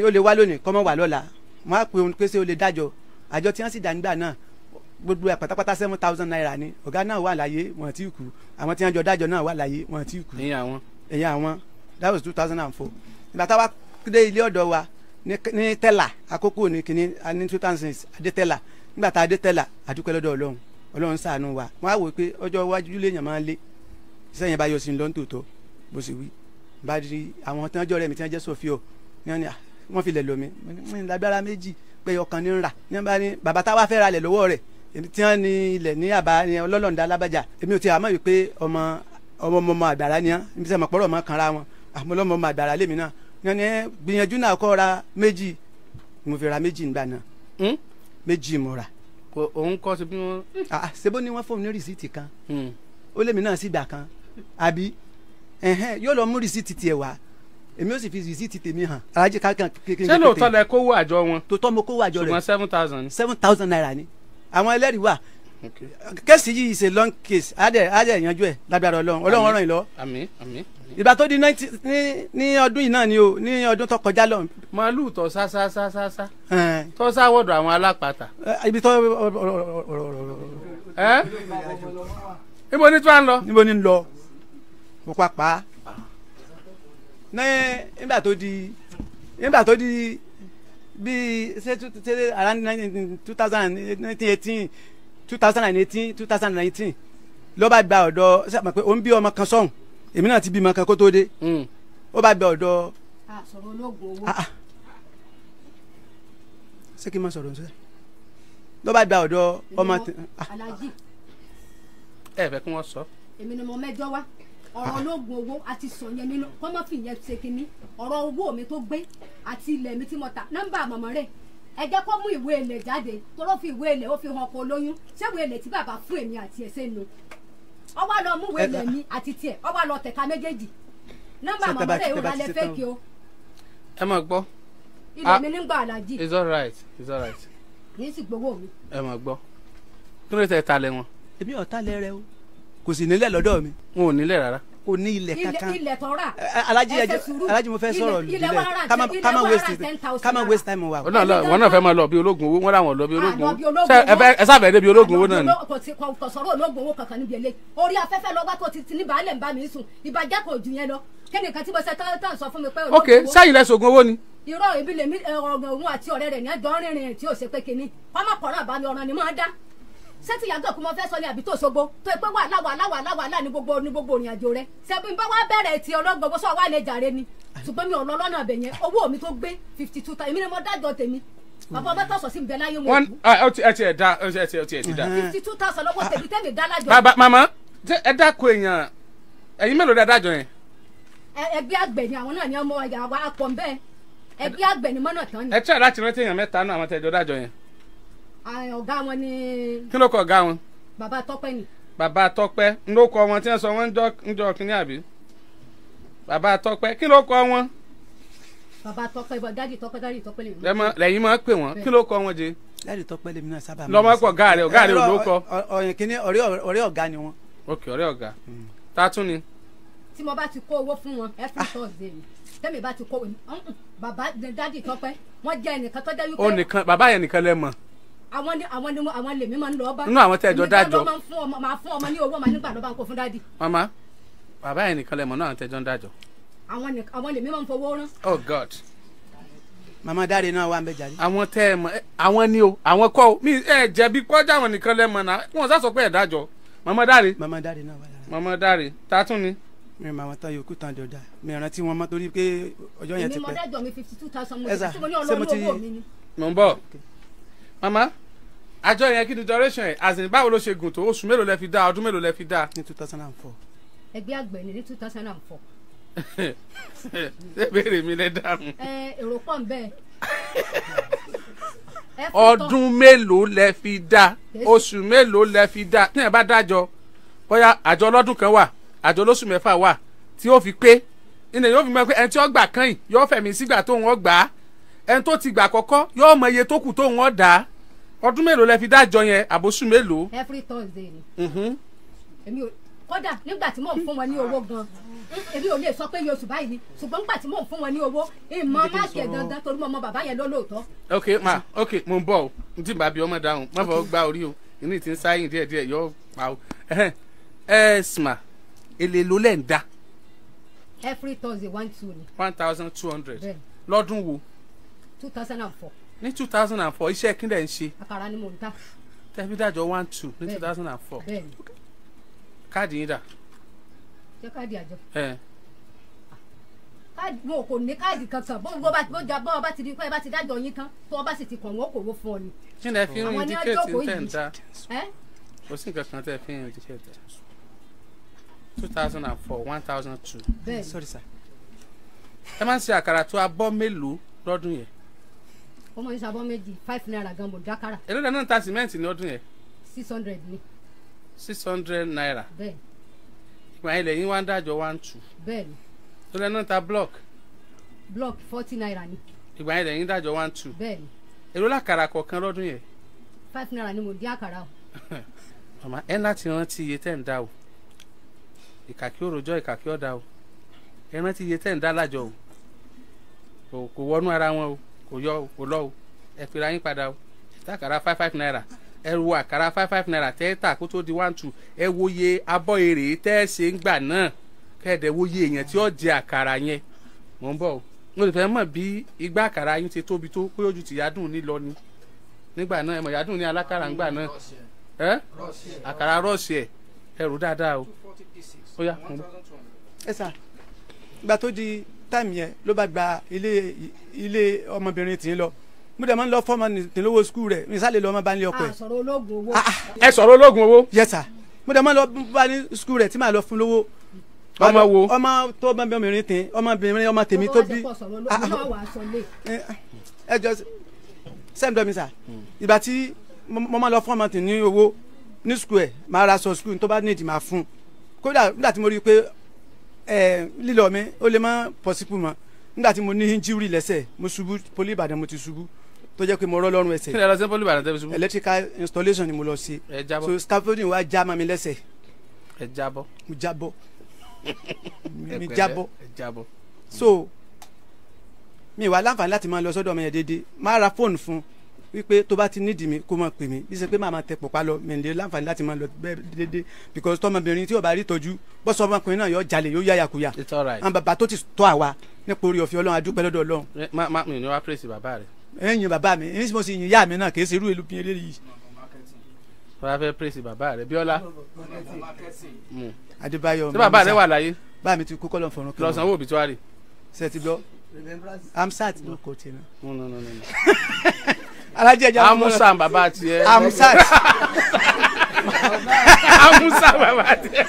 S3: ó lè wá lónìí kọ́mọ́ wà lọ́la mo á pè òun pé ṣé o lè dájọ́ àjọ tí wọ́n sì dá nígbà náà gbogbo ẹ pátápátá seven thousand naira ni ọ̀gá náà wà láyé wọn ti kú àwọn tí wọn jọ dájọ náà wà láyé wọn ti kú. ẹ̀yin àwọn. ẹ̀yin àwọn that was two thousand and four ìgbà táwa dé ilé ọ̀dọ̀ wa ní tẹ́là àkókò ní kínní ní two thousand six adé tẹ́là nígbà tá a dé tẹ́là àdúpẹ́ lọ́dọ̀ ọlọ́run ọlọ́run ṣàánú wa wọn á wò pé ọjọ́ iwájú lèèyàn máa ń lé iṣẹ́ yẹn bá yọ sí i lọ́ńtò tọ́ bó ṣe wí bá di àwọn tí wọ́n jọ rẹ̀ mi tí wọ́n jẹ́ sọ̀fíọ̀ wọ́n ah, fi lẹ̀ lọ mi lágbára méjì pé ọkàn ní ń rà ní bá ní bàbá táwa fẹ́ ra lẹ̀ lọ́wọ́ rẹ̀ tí wọ́n ní ilẹ̀ ní àbá ọlọ́lọ́ndà alábàjá èmi ò ti àmọ́ wípé ọmọ ọmọ ọmọ àgbàrá ni wọ́n níbi tí wọ́n pọ̀rọ̀ ọmọ kan ra wọn àmọ́ ọmọ ọmọ àgbàrá lèmi náà wọ́n ní gbìyànjú náà kọ́ ra méjì mo fi ra méjì nígbà náà hmm? méjì mo rà. òun kọ́ sí bí wọ́n. Ah, ah, ṣebó ni wọ́n fóun ní rìsíìtì kan hmm. ó lèmi náà sì gbà kan àbí yóò lọ mú rìsíìtì tiẹ̀ wá èmi ó sì fi rìsíìtì tèmi hàn alájí kankan kékeré. ṣé lóòótọ́ lẹ kówó àjọ wọn. tòótọ́ mo kówó àjọ rẹ̀ ṣùgbọ́n seven thousand. seven thousand naira ni àwọn ẹlẹ́rìí wà kéèsì yìí is a long case adẹ adẹ yanjú ẹ lágbára Ọlọ́run Ọlọ́run ràn yín lọ. àmín àmín. ìgbà tó di ní ní ọdún yìí náà ni o ní ọdún tó kọjá lọ. màálù tó sá
S1: sá sá sá sá. tó sá
S3: wọ̀dọ̀ àwọn alápàtà. ibi tó ẹ níbo ni tí wàá ń lọ. níbo ni ń lọ mo pa pa. ní nígbà tó di nígbà tó di bíi ṣé ṣe around two thousand and eighteen two thousand and eighteen two thousand and nineteen ló bá gba ọ̀dọ̀ ṣe àmọ̀ pé òun bí ọmọ kan sọ̀hún èmi náà ti bí ọmọ kan kó tó dé hmm. ó bá gba ọ̀dọ̀.
S2: sọ̀rọ̀ olóògùn owó. Ah, ah.
S3: ṣé kí n máa sọ̀rọ̀ ṣe ló bá gba ọ̀dọ̀ ọmọ.
S2: Ah. ẹ fẹ́ kí wọ́n sọ. èmi ni mo mẹ́jọ wá. ọ̀rọ̀ ológun owó àti sọ̀yẹn mi kọ́ mọ́ fìyẹn ṣe kínní ọ̀rọ̀ owó mi tó gbé àti ilẹ̀ mi tí mo ta nọ́mbà mọ̀mọ́ rẹ̀ mú ìwé ilẹ̀ jáde tọ́rọ́ fi ìwé ilẹ̀ ó fi hàn kó lóyún ṣé ìwé ilẹ̀ tí bàbá fún èmi àti ẹ̀ o. ẹ gbọ́. ilẹ̀
S3: ah, mi gbọ́ kò sì nílẹ̀ lọ́dọ̀ mi. wọn ò nílẹ̀ rárá. kò ní ilẹ̀ kankan
S2: ilẹ̀ tọ́ra alájí alájí mo fẹ́ sọ̀rọ̀ ilẹ̀ kama waste kama
S3: waste time wa.
S1: wọn náà fẹ́ máa lọ bí ológun owó wọn làwọn lọ bí ológun owó ẹ sábẹ̀ dé bí ológun owó náà ni.
S2: kò sọ̀rọ̀ ológun owó kankan níbi eléyìí orí afẹ́fẹ́ lọ́gbà tó ti ti ní baálé ń bá mi sùn ìbàjẹ́ kò jù yẹn lọ kí nìkan tí mo ṣe tán sọ fún mi pé ok sẹ́yìn lẹ sògùn owó ni irọ́ ibi lèmi ọ̀rọ̀ òun àti ọ̀rẹ́ rẹ̀ ní àjọ rìnrìn tí ò ṣé ti yàgò kúmọ fẹ́ sọ ni àbí ṣogbo tó ẹ pé wàhálà wàhálà wàhálà wàhálà ní gbogbo ní gbogbo ìrìn àjò rẹ ṣebí n bá wá bẹ̀rẹ̀ ti ọ̀rọ̀ gbogbo sọ wà lè jàre ni ṣùgbọ́n mi ò lọ lọ́nà àbẹ̀yẹn owó mi tó gbé fifty two thousand èmi ni mo dájọ́ tèmi bàbá ọbẹ̀ tọ̀sọ̀ sí bẹ̀ láyé wọn.
S1: ẹ ti ẹ da ẹ ti ẹ ti da. fifty
S2: two thousand lọ́wọ́ ah. tèmi tèmi dá lájọ. bàbá màmá
S1: ẹ dákun èèyàn ẹ̀yin mélòó dá dájọ́ yẹn.
S2: ẹgbẹ́ àgbẹ̀ ni àwọn náà ni ọmọ ìyàwó àpọ̀ ń bẹ́ẹ̀ ẹgbẹ́ àgbẹ̀ ni mọ́nà tán ni. ẹ
S1: tí a láti rántí èèyàn mẹ́ta náà àwọn tẹ̀jọ́ dájọ́ yẹn
S2: ọ̀gá wọn ni. kí ló kọ ọ̀gá wọn. bàbá tọpẹ ni.
S1: bàbá tọpẹ ń ló kọ wọn tí wọn sọ wọn ń jọ kínní àbí. bàbá tọpẹ kí ló kọ wọn.
S2: bàbá tọpẹ ìbọn dáàdì tọpẹ dáàdì tọpẹ
S1: lè mú. lẹ́yìn máa pè wọn kí ló kọ wọn jẹ. dáàdì tọpẹ lèmi náà sábà máa ń sọ. lọ́mọ pọ̀ ọ̀gá rẹ ọ̀gá rẹ ò ló kọ.
S3: ọ̀yìn kínní ọ̀rẹ́ ọ̀gá ni wọn. ok ọ̀rẹ́ ọ̀gá hmm. ta tún ni.
S2: tí mo bá ti kó owó fún wọn ẹ fún tọ́sídẹ̀ẹ́ mi tẹ́mi bá ti kó bàbá dáàdì tọpẹ wọ́n jẹ́ ẹnìkan tó jẹ́ wípé. ó
S1: nìkan bàbá yẹn nìkan lẹ́ mọ̀
S2: àwọn ni àwọn ni àwọn lèmi máa ń lọ bá. nínú àwọn tẹ́ ẹ jọ dájọ́. màá fún ọmọ ní owó màá nígbà lọ́ba kó fún dádì.
S1: mama bàbá yẹn nìkan lẹ mọ̀ náà àwọn tẹ́ ẹ jọ ń dájọ́.
S2: àwọn lèmi máa ń fowó rán.
S1: oh god. mama dáre náà wà ń bẹ jàre. àwọn tẹ́ ẹ mọ̀ àwọn ni o àwọn kọ́ o mi ẹ jẹ̀bi kọjá àwọn nìkan lẹ mọ̀ náà wọn sá sọ pé ẹ dájọ́ mama dáre. mama dáre náà wà lára. mama dáre tatún ni mi ma wọn ta yòókù tán jọ da mi rántí wọn mọ torí pé ọjọ́ yẹn ti pẹ́. èmi mọ
S2: dájọ fifty two thousand mo ti fún mi ní ọlọ́run owó mi
S1: ni. mama àjọ yẹn kí ni duration ẹ̀ as in báwo ló ṣe gùn tó oṣù mélòó lẹ fi dá ọdún mélòó lẹ fi dá. ní two thousand and four.
S2: ẹgbẹ́ àgbẹ̀ ni ní two thousand and four.
S1: <laughs> ṣé béèrè mi lẹ dáhùn.
S2: ẹ èrò pọ̀ ń bẹ́ẹ̀
S1: <laughs> ọdún mélòó lẹ fi dá oṣù mélòó lẹ fi dá tí ẹ bá dájọ bóyá àjọ ọlọ́dún kan wà àjọ olóṣù mẹ́fà wà tí ó fi pé ilẹ̀ yóò fi mọ pé ẹni tí ó gbà kan yìí yóò fẹ̀mí sígbà tó ń wọ́n gbà á ẹni tó ti gbà kọ́kọ́ yóò mọ iye tó kù tó ń wọ́n dà á ọdún mélòó lẹ fi dájọ yẹn àbóṣù mélòó.
S2: every thursday ni. Mm-hmm. èmi ò kódà nígbà tí mò ń fún wọn ní owó gan èmi ò lè sọ pé oṣù báyìí ni ṣùgbọ́n nígbà tí mò ń fún wọn ní owó ìmọ̀ máàkì ẹ̀ gangan torí mo mọ bàbá yẹn lólóòótọ́.
S1: ok ma ok mo ń bọ̀ o n tí bàbí ọmọ dáhùn má fọwọ́ gba orí o ìní ti ń sáyìn díẹ̀díẹ̀ yọ pa o ẹ ẹ sma èlé ló lẹ̀ ń da.
S2: every thursday one two ni.
S1: one thousand two hundred lọ́dún wo.
S2: two thousand and four
S1: ní two thousand and four iṣẹ́ kíndẹ̀ ń ṣe.
S2: àkàrà ni mo ń ta.
S1: tẹ́bí dájọ́ one two ní two thousand and four. bẹ́ẹ̀ni. káàdì yín dà. ṣé káàdì àjọ. ẹ.
S2: káàdì mo kò ní káàdì kankan bó bó bó jà bó ọba ti di pé ọba ti dájọ́ yín tán tó ọba sì ti kàn wọ́n kò wó fún ọ ni. kí ni ẹ fi ń rin díkẹ́ẹ̀tì tẹ̀ ń ta
S1: kò sí nǹkan kan tẹ́ ẹ fi ń rin díkẹ́ẹ̀tì two thousand and four one thousand two. bẹ́ẹ̀ni sorry sir. ẹ máa ń ṣe àkàrà tó abọ́ mélòó lọ́dún yẹn
S2: ó mọ̀ ní sábọ́ méjì five naira gan mo dákàrà.
S1: èrè náà ń ta sìmẹ́ǹtì ní ọdún yẹn.
S2: six hundred ni.
S1: six hundred naira. bẹ́ẹ̀. ìgbà yẹn lẹ́yìn wá ń dájọ one two. bẹ́ẹ̀ ni. náà ta block.
S2: block forty naira ni.
S1: ìgbà yẹn lẹ́yìn dájọ one two. bẹ́ẹ̀ ni. èrè làkàrà kọ̀ọ̀kan lọ́dún yẹn.
S2: five naira ni mo dín àkàrà o.
S1: <laughs> màmá ẹ láti rántí iye tẹ́ ń dá o ìkàkí òròjọ́ ìkàkí ọ̀dà o ẹ rántí iye tẹ́ ń dá lájọ o kò wọnú ara wọn o kò yọ kò lọ o ẹ pera yín padà o ẹ ta àkàrà five five naira ẹ wo àkàrà five five naira tẹ́ tà kó tó di one two ẹ wo iye abọ́ èrè tẹ́ ẹ ṣe ń gbà náà kẹ́ẹ̀dẹ̀ wo iye èèyàn tí ó jẹ àkàrà yẹn mò ń bọ̀ o mo lè fẹ́ mọ̀ bí igbá àkàrà yín ti tóbi tó pé ojú ti yádùn ní lọ ni nígbà náà ẹ mọ̀ yádùn ní alákàrà ńgbà náà ẹ àkàrà rọ́ọ̀sì ẹ̀
S3: ẹrù dáadáa o ó yà fún mi. ẹ sà ìgbà tó di táìmì yẹn ló bá gba ilé ilé ọmọbìnrin tì í lọ mo dẹ̀ máa ń lọ fọ́ọ̀mù nìtìlówó skul rẹ̀ mi sálẹ̀ lọ ọmọ bá ń lé ọkọ ẹ̀. ẹ
S2: sọ̀rọ̀ ológun owó. Ah, ah. ẹ sọ̀rọ̀
S3: ológun owó. yes sir mo dẹ̀ máa ń lọ bá ní skul rẹ̀ tí màá lọ fún lówó. ọmọ wo ọmọ tó ọmọbìnrin tì í ọmọbìnrin ọmọ tèmi tó bí.
S2: Ah, eh,
S3: ẹ jọ sẹ́ńdọ̀ mi sà ìgbà tí mo máa lọ fọ́ọ̀mù tì ní owó ní skul ẹ̀ máa ra sọ skul tó bá nídìí máa fún kódà nígbà tí mo rí i pé lílọ mi ó lè má pọ̀sípù mọ́ nígbà tí mo ní injúrì lẹ́sẹ̀ mo ṣubú poli ìbàdàn mo ti ṣubú tó jẹ́ pé mo rọ́ lọ́rùn ẹsẹ̀. electrical installation ni mo lọ sí. so scaffolding wa já mami lẹ́sẹ̀. ẹ jábọ́. mo jábọ́ <laughs> mi jábọ́. so mi wà láǹfààní láti máa lọ sọ́dọ̀ ọmọ yẹn déédéé máa ra fóònù fún un wípé tó bá ti nídìí mi kó máa pè mí bí ṣe pé màmá tẹ pọ̀pá lọ mẹ̀lẹ́ láǹfààní láti máa lọ bẹ́ẹ̀ déédéé because tọmọbìnrin tí ò bá rí tọ́jú bọ́sọ̀ ọmọkùnrin náà yọ jalè yóò yáyà kúyà àwọn bàbá tó ti tọ́ àwa nípa orí ọ̀fẹ́ ọlọ́run adúpẹ́ lọ́dọ̀ ọlọ́run.
S1: má má mi ni wàá pèsè bàbá rẹ.
S3: ẹ̀yin bàbá mi ẹ̀yin mo sì ìyá mi náà kì í ṣe irú ìlú pin eléyìí alájẹ ẹja amusan baba tiẹ amusan
S2: amusan baba tiẹ.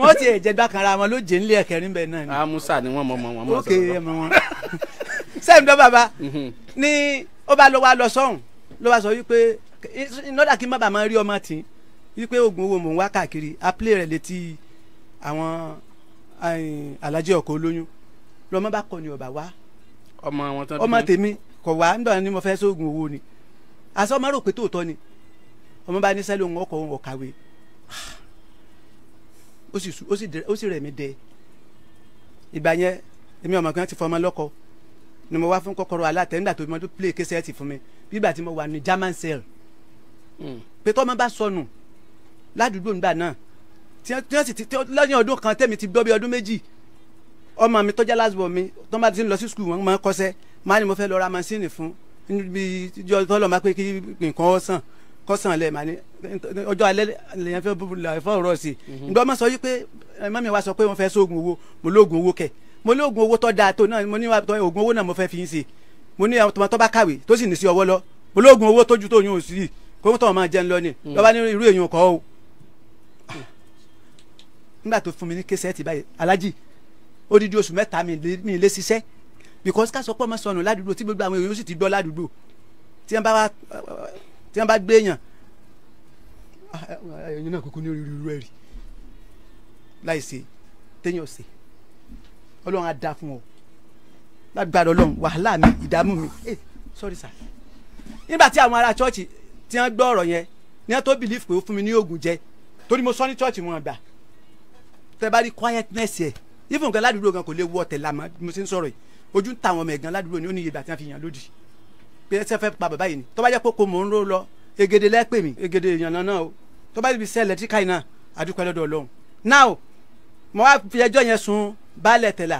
S3: wọ́n ti ẹ̀jẹ̀ gbà kan ra wọn ló jẹ́ nílé ẹ̀kẹ́rin bẹ́ẹ̀ náà ni. amusan ni wọ́n mọ wọn mọ sọ. sẹ́yìn dọ́ baba ni ó bá lọ wá lọ sọ́hùn ló bá sọ wípé nọ́dà kí n má bàa máa rí ọmọ tì í wípé oògùn owó mò ń wá káàkiri apilé rẹ̀ létí àwọn eh, alájẹ ọkọ̀ olóyún lọ́mọ bá kọ́ ọba wá ọmọ tèmi kọ̀ wá ń dọ̀nà ni mo fẹ́ sóògùn owó ni àṣọ ọmọ rò pé tòótọ́ ni ọmọ bá ní sẹ́lẹ̀ òun ọkọ̀ òun ọ̀kàwé ó sì rẹ̀ mí dẹ ìgbà yẹn èmi ọmọ kan ti fọmọ lọ́kọ ni mo wá fún kọ́kọ́rọ́ alátẹ nígbà tó fi mọ tó play kẹsẹ́ẹ̀tì fún mi bígbà tí mo wà ní German cell hmm. pé tọ́mọ bá sọnù ládùúgbò nígbà náà tí wọ́n sì ti lọ́yìn ọdún kan tẹ́mi ti gbọ́ bí ọdún méjì ọmọ mi tọ́jà lásìbọ̀ mi tọ́mọ ti lọ sí skul wọn máa ń kọ́sẹ́ má ní mo fẹ́ lọ ra masínì fún níbi ìjọ tọ́lọ̀ máa pé kí nǹkan ọ̀sán kọ́sàn lẹ̀ mà ní ọjọ́ alẹ́ lèyàn fẹ́ fọ́ ọ̀rọ̀ sí i mhm. ǹgbọ́n mọ̀ sọ yí pé mọ́mí wa sọ pé wọ́n fẹ́ sóògùn owó mo lóògùn owó kẹ̀ mo lóògùn owó tọ́ da tó náà mo ní oògùn owó náà mo fẹ́ fi ń ṣe mo ní àwọn tó bá kàwé tó sì ní sí ọwọ́ lọ mo lóògùn owó tójú tó yún òsì yìí kó tó máa jẹun lọ ni mm. lọ́ba ní irú èèyàn kọ́ o nígbà tó fún mi ní késẹ́ẹ̀tì báyìí alájì odidi oṣù mẹ́ta mi lé ṣiṣẹ́ because ká sọ pé ọmọ sọnù ládùúgbò tí gbogbo àwọn èèyàn sì ti gbọ́ ládùúgbò tí wọ́n bá wá tí wọ́n bá gbé èèyàn ẹ̀yin ah, náà kúkú ní orí irú ẹ̀ rí láì ṣe téèyàn ṣe ọlọ́run á dá fún ọ lágbára ọlọ́run wàhálà mi ìdààmú mi ẹ eh, sorry sir nígbà tí àwọn ará chọ́ọ̀chì tí wọ́n gbọ́ ọ̀rọ̀ yẹn ni wọ́n tó believe pé ó fún mi ní oògùn jẹ torí mo sọ ní chọ́ọ̀chì wọn gbà tẹ́ bá rí quietness yẹ even nǹkan ládùúgbò gan kò lè wọ ọ̀tẹ̀ làmọ́ bí mo ṣe ń sọ̀rọ̀ yìí ojú ń ta àwọn ọmọ ẹ̀gán ládùúgbò ní oníyè bàtí wọn fi yàn lódì pé ẹsẹ fẹ́ pa bàbá yìí ni tó jẹ́ pé kò mò ń ró lọ egede lẹ́pẹ̀ mi egede ìyànnà náà o tó bá ti fi sẹ́ ẹlẹ́tíríkà yìí náà àdúpẹ́ lọ́dọ̀ ọlọ́run now mo wá fi ẹjọ́ yẹn sun baálẹ̀ tẹ̀là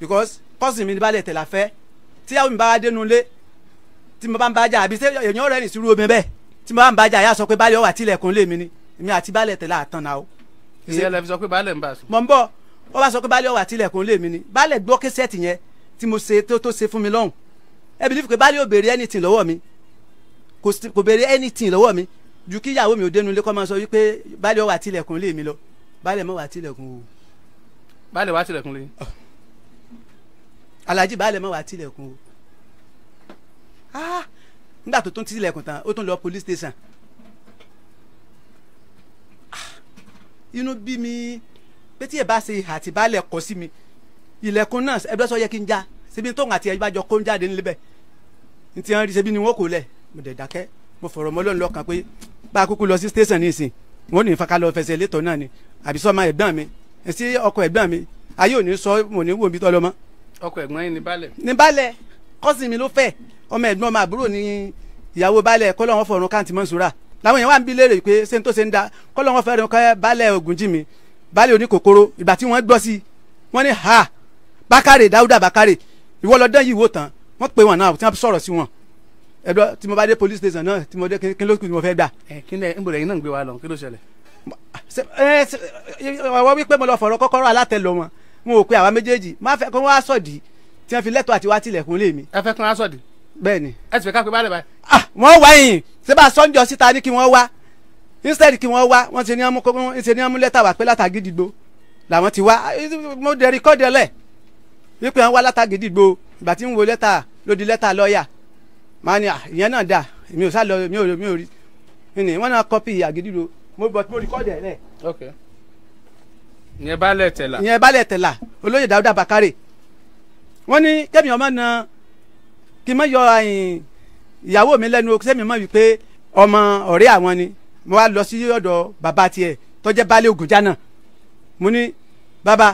S3: because cousin mi ni baálẹ̀ tẹ̀là fẹ́ tíyàwó mi bá wá dénú lé tí mo bá ń bá jà àbí èèyàn rẹ̀ ní ìṣirò omi bẹ́ẹ̀ tí mo bá ń bá jà yà sọ pé baálẹ̀ ọ̀wà ìyẹn lẹ fi sọ pé baálẹ̀ ń bá a sùn. mọ̀ ń bọ̀ ó bá sọ pé baálẹ̀ ọ̀wà tilẹ̀kùn lé mi ni baálẹ̀ gbọ́ késẹ́ẹ̀tì yẹn tí mo ṣe tó tó ṣe fún mi lọ́hùn ẹ bìlífù pé baálé ò béèrè anything lọ́wọ́ mi kò béèrè anything lọ́wọ́ mi ju kí ìyàwó mi ò dénú ilé kọ́ máa sọ wípé baálé ó wá tilẹ̀kùn lé mi lọ baálé mọ́ wá tilẹ̀kùn o. baálé wá tilẹ̀kùn lé. Ah. alhaji baálé mọ́ wá tilẹ̀kùn o. Ah, nígbà tó tún tilẹ̀kùn tán ó tún lọ police station. Ah, inú bí mi pé tí ẹ bá ṣe àtibálẹ̀ kọ sí mi ilẹ̀kùn náà ẹgbẹ́ sọ yẹ kí n já síbi tóun àti ẹ̀yìn bá jọ kó ń jáde níbẹ̀ ní ti hàn rí síbi ni wọn kò lẹ̀ mo dẹ̀ dákẹ́ mo fọ̀rọ̀ mọ́ lónìí lọ́kàn pé bá a kúkú lọ sí station ní wọn ò ní faka lọ fẹsẹ̀ létọ̀ náà ni àbí sọ́ma ẹ̀gbọ́n mi sí ọkọ ẹ̀gbọ́n mi ayé ò ní sọ mo ní wò mí tọ́ lọ mọ́. ọkọ ẹ̀gbọ́n yín ni baálẹ̀. ni baálẹ̀ kọ́sìn mi ló fẹ́ ọmọ ẹ̀gbọ́n ọmọ àbúrò ni ìyàwó baálẹ̀ kọ́lọ́ wọn fọ̀run káàntì mọ́sùrà làwọn èèyàn wà ń bí léèrè pé ṣé n tó ṣe ń da kọ́lọ́ wọn fẹ́ràn kọ́ baálẹ̀ Ògúnjìmí baálẹ̀ oníkòkòrò ìgbà tí wọ́n gbọ́ sí wọ́n ní ha bákàrè dáúdà bákàrè ìwọ lọ dán yìí wò tán wọ́n pè wọ́n náà tí wọ́n sọ̀rọ̀ sí wọn ẹ̀dọ́ tí mo bá dé police station náà tí mo dé kí ló kù tí mo fẹ́ gbà. ẹ kí ni nbọdẹ yìí náà ń gbé wa lọ kí ló ṣẹlẹ̀. wọ́n wí pé mo lọ fọ̀rọ̀ kọ́kọ́rọ́ alátẹ lọ wọn wọn ò pe àwa méjèèjì má fẹ́ kó wọ́n á sọ̀dí tí wọ́n fi lẹ́tọ̀ àti wá tilẹ̀kùn lé mi. ẹ fẹ́ kí wọ́n á sọ̀dí. bẹ́ẹ̀ni.
S1: ẹ ti fẹ́ ká pé báyìí báyìí.
S3: Ah, wọ́n wá yìnyín ṣé bá sọ́njọ́ síta ní kí wọ́n wá instead kí wọ́n wá wọ́n ti ní amú lẹ́tà wá pé látàgídìgbò làwọn ti wá mo dẹ̀ rìkọ́dẹ̀ lẹ̀ wípé wọn wá látà gidigbo ìgbà tí ń wo lẹ́tà ló di lẹ́tà lọ́ọ̀yà màá ní ah, ìyẹn náà dà mi ò sá lọ mi ò rí mi ò rí ni wọn náà kọ́pì àgidigbo mo bọ̀ mo rìkọ́dì ẹ̀ lẹ̀.
S1: ìyẹn balẹ̀ tẹ̀là. ìyẹn balẹ̀
S3: tẹ̀là olóyè Dáúdà Bàkárè wọ́n ní kẹ́mi ọmọ náà kí n má yọ àyìn ìyàwó mi lẹ́nu sẹ́mi mọ̀ wípé ọmọ ọ̀rẹ́ àwọn ni mo wá lọ sí ọ̀dọ̀ bàbá tiẹ̀ tó jẹ́ baálé Ògùnjánà mo ní bàbá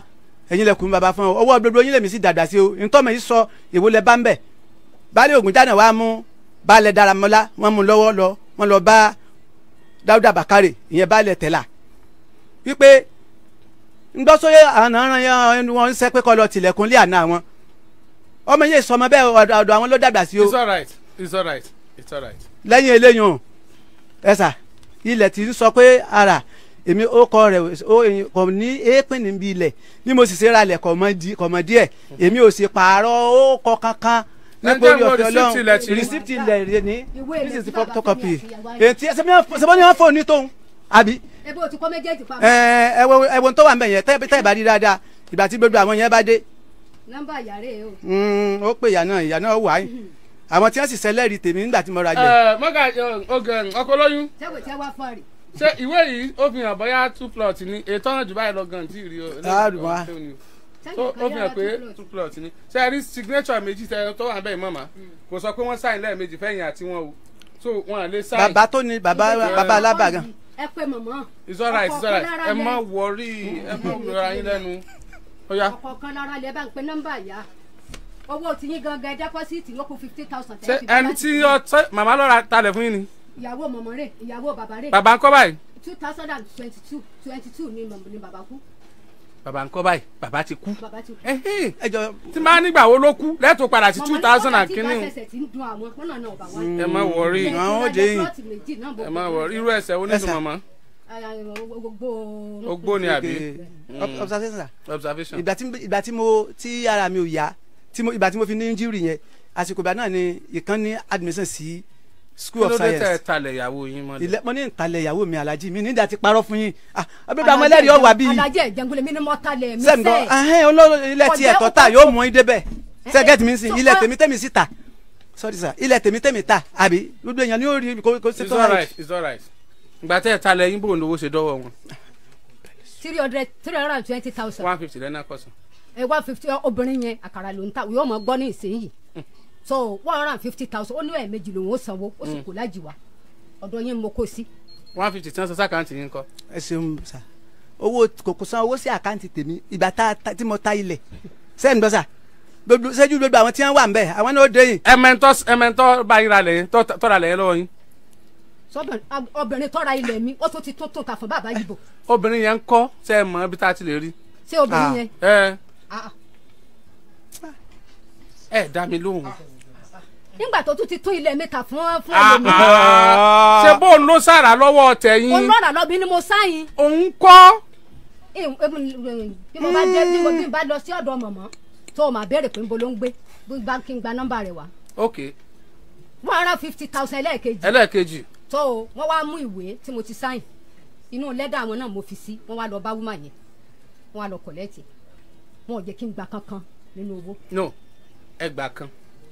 S3: ẹ̀yin lẹkùn bàbá fún ọ ọwọ́ dodo yín lèmi sì dàgbà sí o ntọ́mọ yìí sọ èwo lẹ bá ń bẹ̀ baálé ògùn jáde wàá mú baálé daramọ́lá wọ́n mú lọ́wọ́ lọ wọ́n lọ bá dáúdà bàkárè ìyẹn baálé tẹ̀là wípé ngbọ́sọ́yé àná ẹni wọn ń sẹ́ kọ́ lọ tilẹ̀kùn lé àná wọn ọmọ yẹn sọmọ bẹ́ẹ̀ ọ̀dọ̀ àwọn ló dàgbà sí o. it's alright
S1: it's alright it's alright.
S3: lẹ́yìn eléyìí o ẹ̀sà ilẹ̀ ti ń sọ pé ara èmi ó kọ rẹ kò ní éèpìn níbi ilẹ̀ bí mo sì ṣe ralẹ̀ kọ̀mọ díẹ̀ èmi ò sì pààrọ̀ ó kọ kankan nípa orí ọ̀fẹ́ ọlọ́run rìsíptì ilẹ̀ rẹ ní this is the photocopy ètí ẹsẹ̀ mi ni wọ́n fò ní tóun àbí.
S2: ẹ bó o ti kọ́ méjèèjì pamọ́. ẹ
S3: ẹwọ ẹwọ tó wà ń bẹ yẹn tẹ́ ẹ bá rí dáadáa ìgbà tí gbogbo àwọn yẹn bá dé.
S2: nọ́mbà yàrá ẹ o.
S3: Mm, ó pè ìyá náà ìyá náà wà á yìí àwọn tí wọ́n sì ṣẹlẹ́rìí tèmi nígbà tí mo ra jẹ.
S2: mọ́gà ọkọ̀ lóyún. tẹ́wọ̀ tẹ́wọ̀ fọ́ọ̀rì
S1: ṣé ìwé yìí ó fi hàn bóyá two plot ni ètò ọ̀nà jù báyìí lọ gan tí rí o. so ó fi hàn pé two plot ni ṣé ẹ rí signature méjì tó wà bẹ́ẹ̀ mọ̀mọ́ kò sọ pé wọ́n sáìn lẹ́ẹ̀mejì fẹ́yìn àti wọn o so wọn à lè sáìn. bàbá tó ni bàbá bàbá alábàgàn.
S2: ẹ pé mọ̀mọ́ ọkọ̀ kan lára lẹ ẹ má
S1: wọrí ẹ má wọra yín lẹ́nu. ọkọ̀
S2: kan lára lẹ bá ń pe nọ́mbà yá owó tiyín gangan dẹ́pọ́sìtì yókù fifty thousand. ṣé
S1: ẹni tí mama lọ́ra talẹ̀ fún yín ni
S2: ìyàwó mọ̀mọ́ rẹ̀ ìyàwó bàbá rẹ̀. bàbá ń kọ́ báyìí. two thousand and twenty two twenty two ni mọ̀mọ́ ni bàbá kú.
S1: bàbá ń kọ́ báyìí bàbá ti kú. bàbá ti kú. ẹhìn eh, eh, ẹjọ tí máa nígbà wo ló kú lẹ́tọ̀ padà sí two thousand and kínní. mọ̀mọ́ ní ọ̀sẹ̀
S2: tí ń dun àwọn pọ́nà náà bá wá. Mm. ẹ má wọrí àwọn òjè ẹ má wọrí irú ẹsẹ̀ oníṣùmọ̀mọ́. ogbó ni àbí.
S1: observation
S3: ìgbà tí mo tí ara mi ò yá ìgbà tí mo fi ní injury yẹn àsìkò ìgbà admission sí school of science. kí ló dé tẹ talẹ̀ ìyàwó yín mọ́lẹ̀. ilẹ̀ mo ní talẹ̀ ìyàwó mi alájí mi nígbà tí parọ́ fún yín abébà ah, ọmọ ẹlẹ́rìí ọ̀wà bíi. alájí
S2: ẹ̀jẹ̀ngulẹ̀ mi ni mo talẹ̀ mi sẹ́ẹ̀. sẹ́ǹgọ́ ahẹ́n olóró
S3: ilẹ̀ tí ẹ̀tọ́ ta yóò mú idé bẹ́ẹ̀ sẹ́gẹ̀t eh, eh, mi sìn ilẹ̀ tèmi tèmi sì ta sorry sir ilẹ̀ tèmi tèmi ta àbí gbogbo èèyàn ni ó rí kó ṣe tó right. it's alright. right ìgbà
S1: tẹ́ ẹ̀ talẹ̀ yín bò lówó ṣe dọ́wọ́ wọn.
S2: three hundred three hundred and twenty
S3: thousand. one
S1: fifty lẹ́nà
S2: kọ̀sán. ẹ one fifty obìnrin yẹn àkàrà ló ń ta yóò mọ̀ gbọ́ so one hundred and fifty thousand ó ní ẹ̀ẹ̀mejì lòun ó sanwó ó sì hmm. kó lájì wá ọ̀dọ̀ yín mo kó sí. one
S3: fifty tí wọ́n sọ sí àkáǹtì yín kọ́. ẹ ṣeun sà owó kòkó san owó sí àkáǹtì tèmi ìgbà tí mo ta ilẹ̀ sẹ́yìn gbọ́ sà gbogbo sẹ́jú gbogbo àwọn tí wọ́n wà ń bẹ̀ àwọn náà dé yìí. ẹmẹ̀ntọ́
S1: ẹmẹ̀ntọ́ bá yín ra lẹ̀ yín tọ́ra lẹ̀ yín lọ́wọ́ yín.
S2: obìnrin tọ́ra ilẹ̀ mi ó tún ti tó tó ta fún bàbá yìí bò.
S1: obìnrin yẹn ń kọ́ ṣe é mọ ibi tá a ti lè rí. ṣé obìnrin ah, yẹn. ẹ ah, ah. ẹ dá mi lóhùn
S2: nígbà tó tún ti tún ilẹ̀ mẹ́ta fún fún ah,
S1: ẹlòmíràn. Ah. ṣe bó ń lọ sára lọ́wọ́ tẹ̀yìn. òun lọ́ra lọ́bí ni mo sáyìn.
S2: òun kọ́. bí mo bá dé bí mo bí mo bá lọ sí ọ̀dọ̀ mọ̀mọ́ tó o máa béèrè pé nbo ló ń gbé gbígbá kí n gba nọ́mbà rẹ̀ wá. ok. one hundred fifty thousand ẹlẹ́ẹ̀kejì. ẹlẹ́ẹ̀kejì. tó o wọ́n wá mú ìwé tí mo ti sáyìn inú lẹ́dà àwọn náà mo fi sí wọ́n wá lọ bá wúmà yẹn wọ́n wá lọ kọ̀lẹ́ẹ̀tì wọn ò jẹ́ kí n gba kankan nínú owó.
S1: no ẹ gbà kan.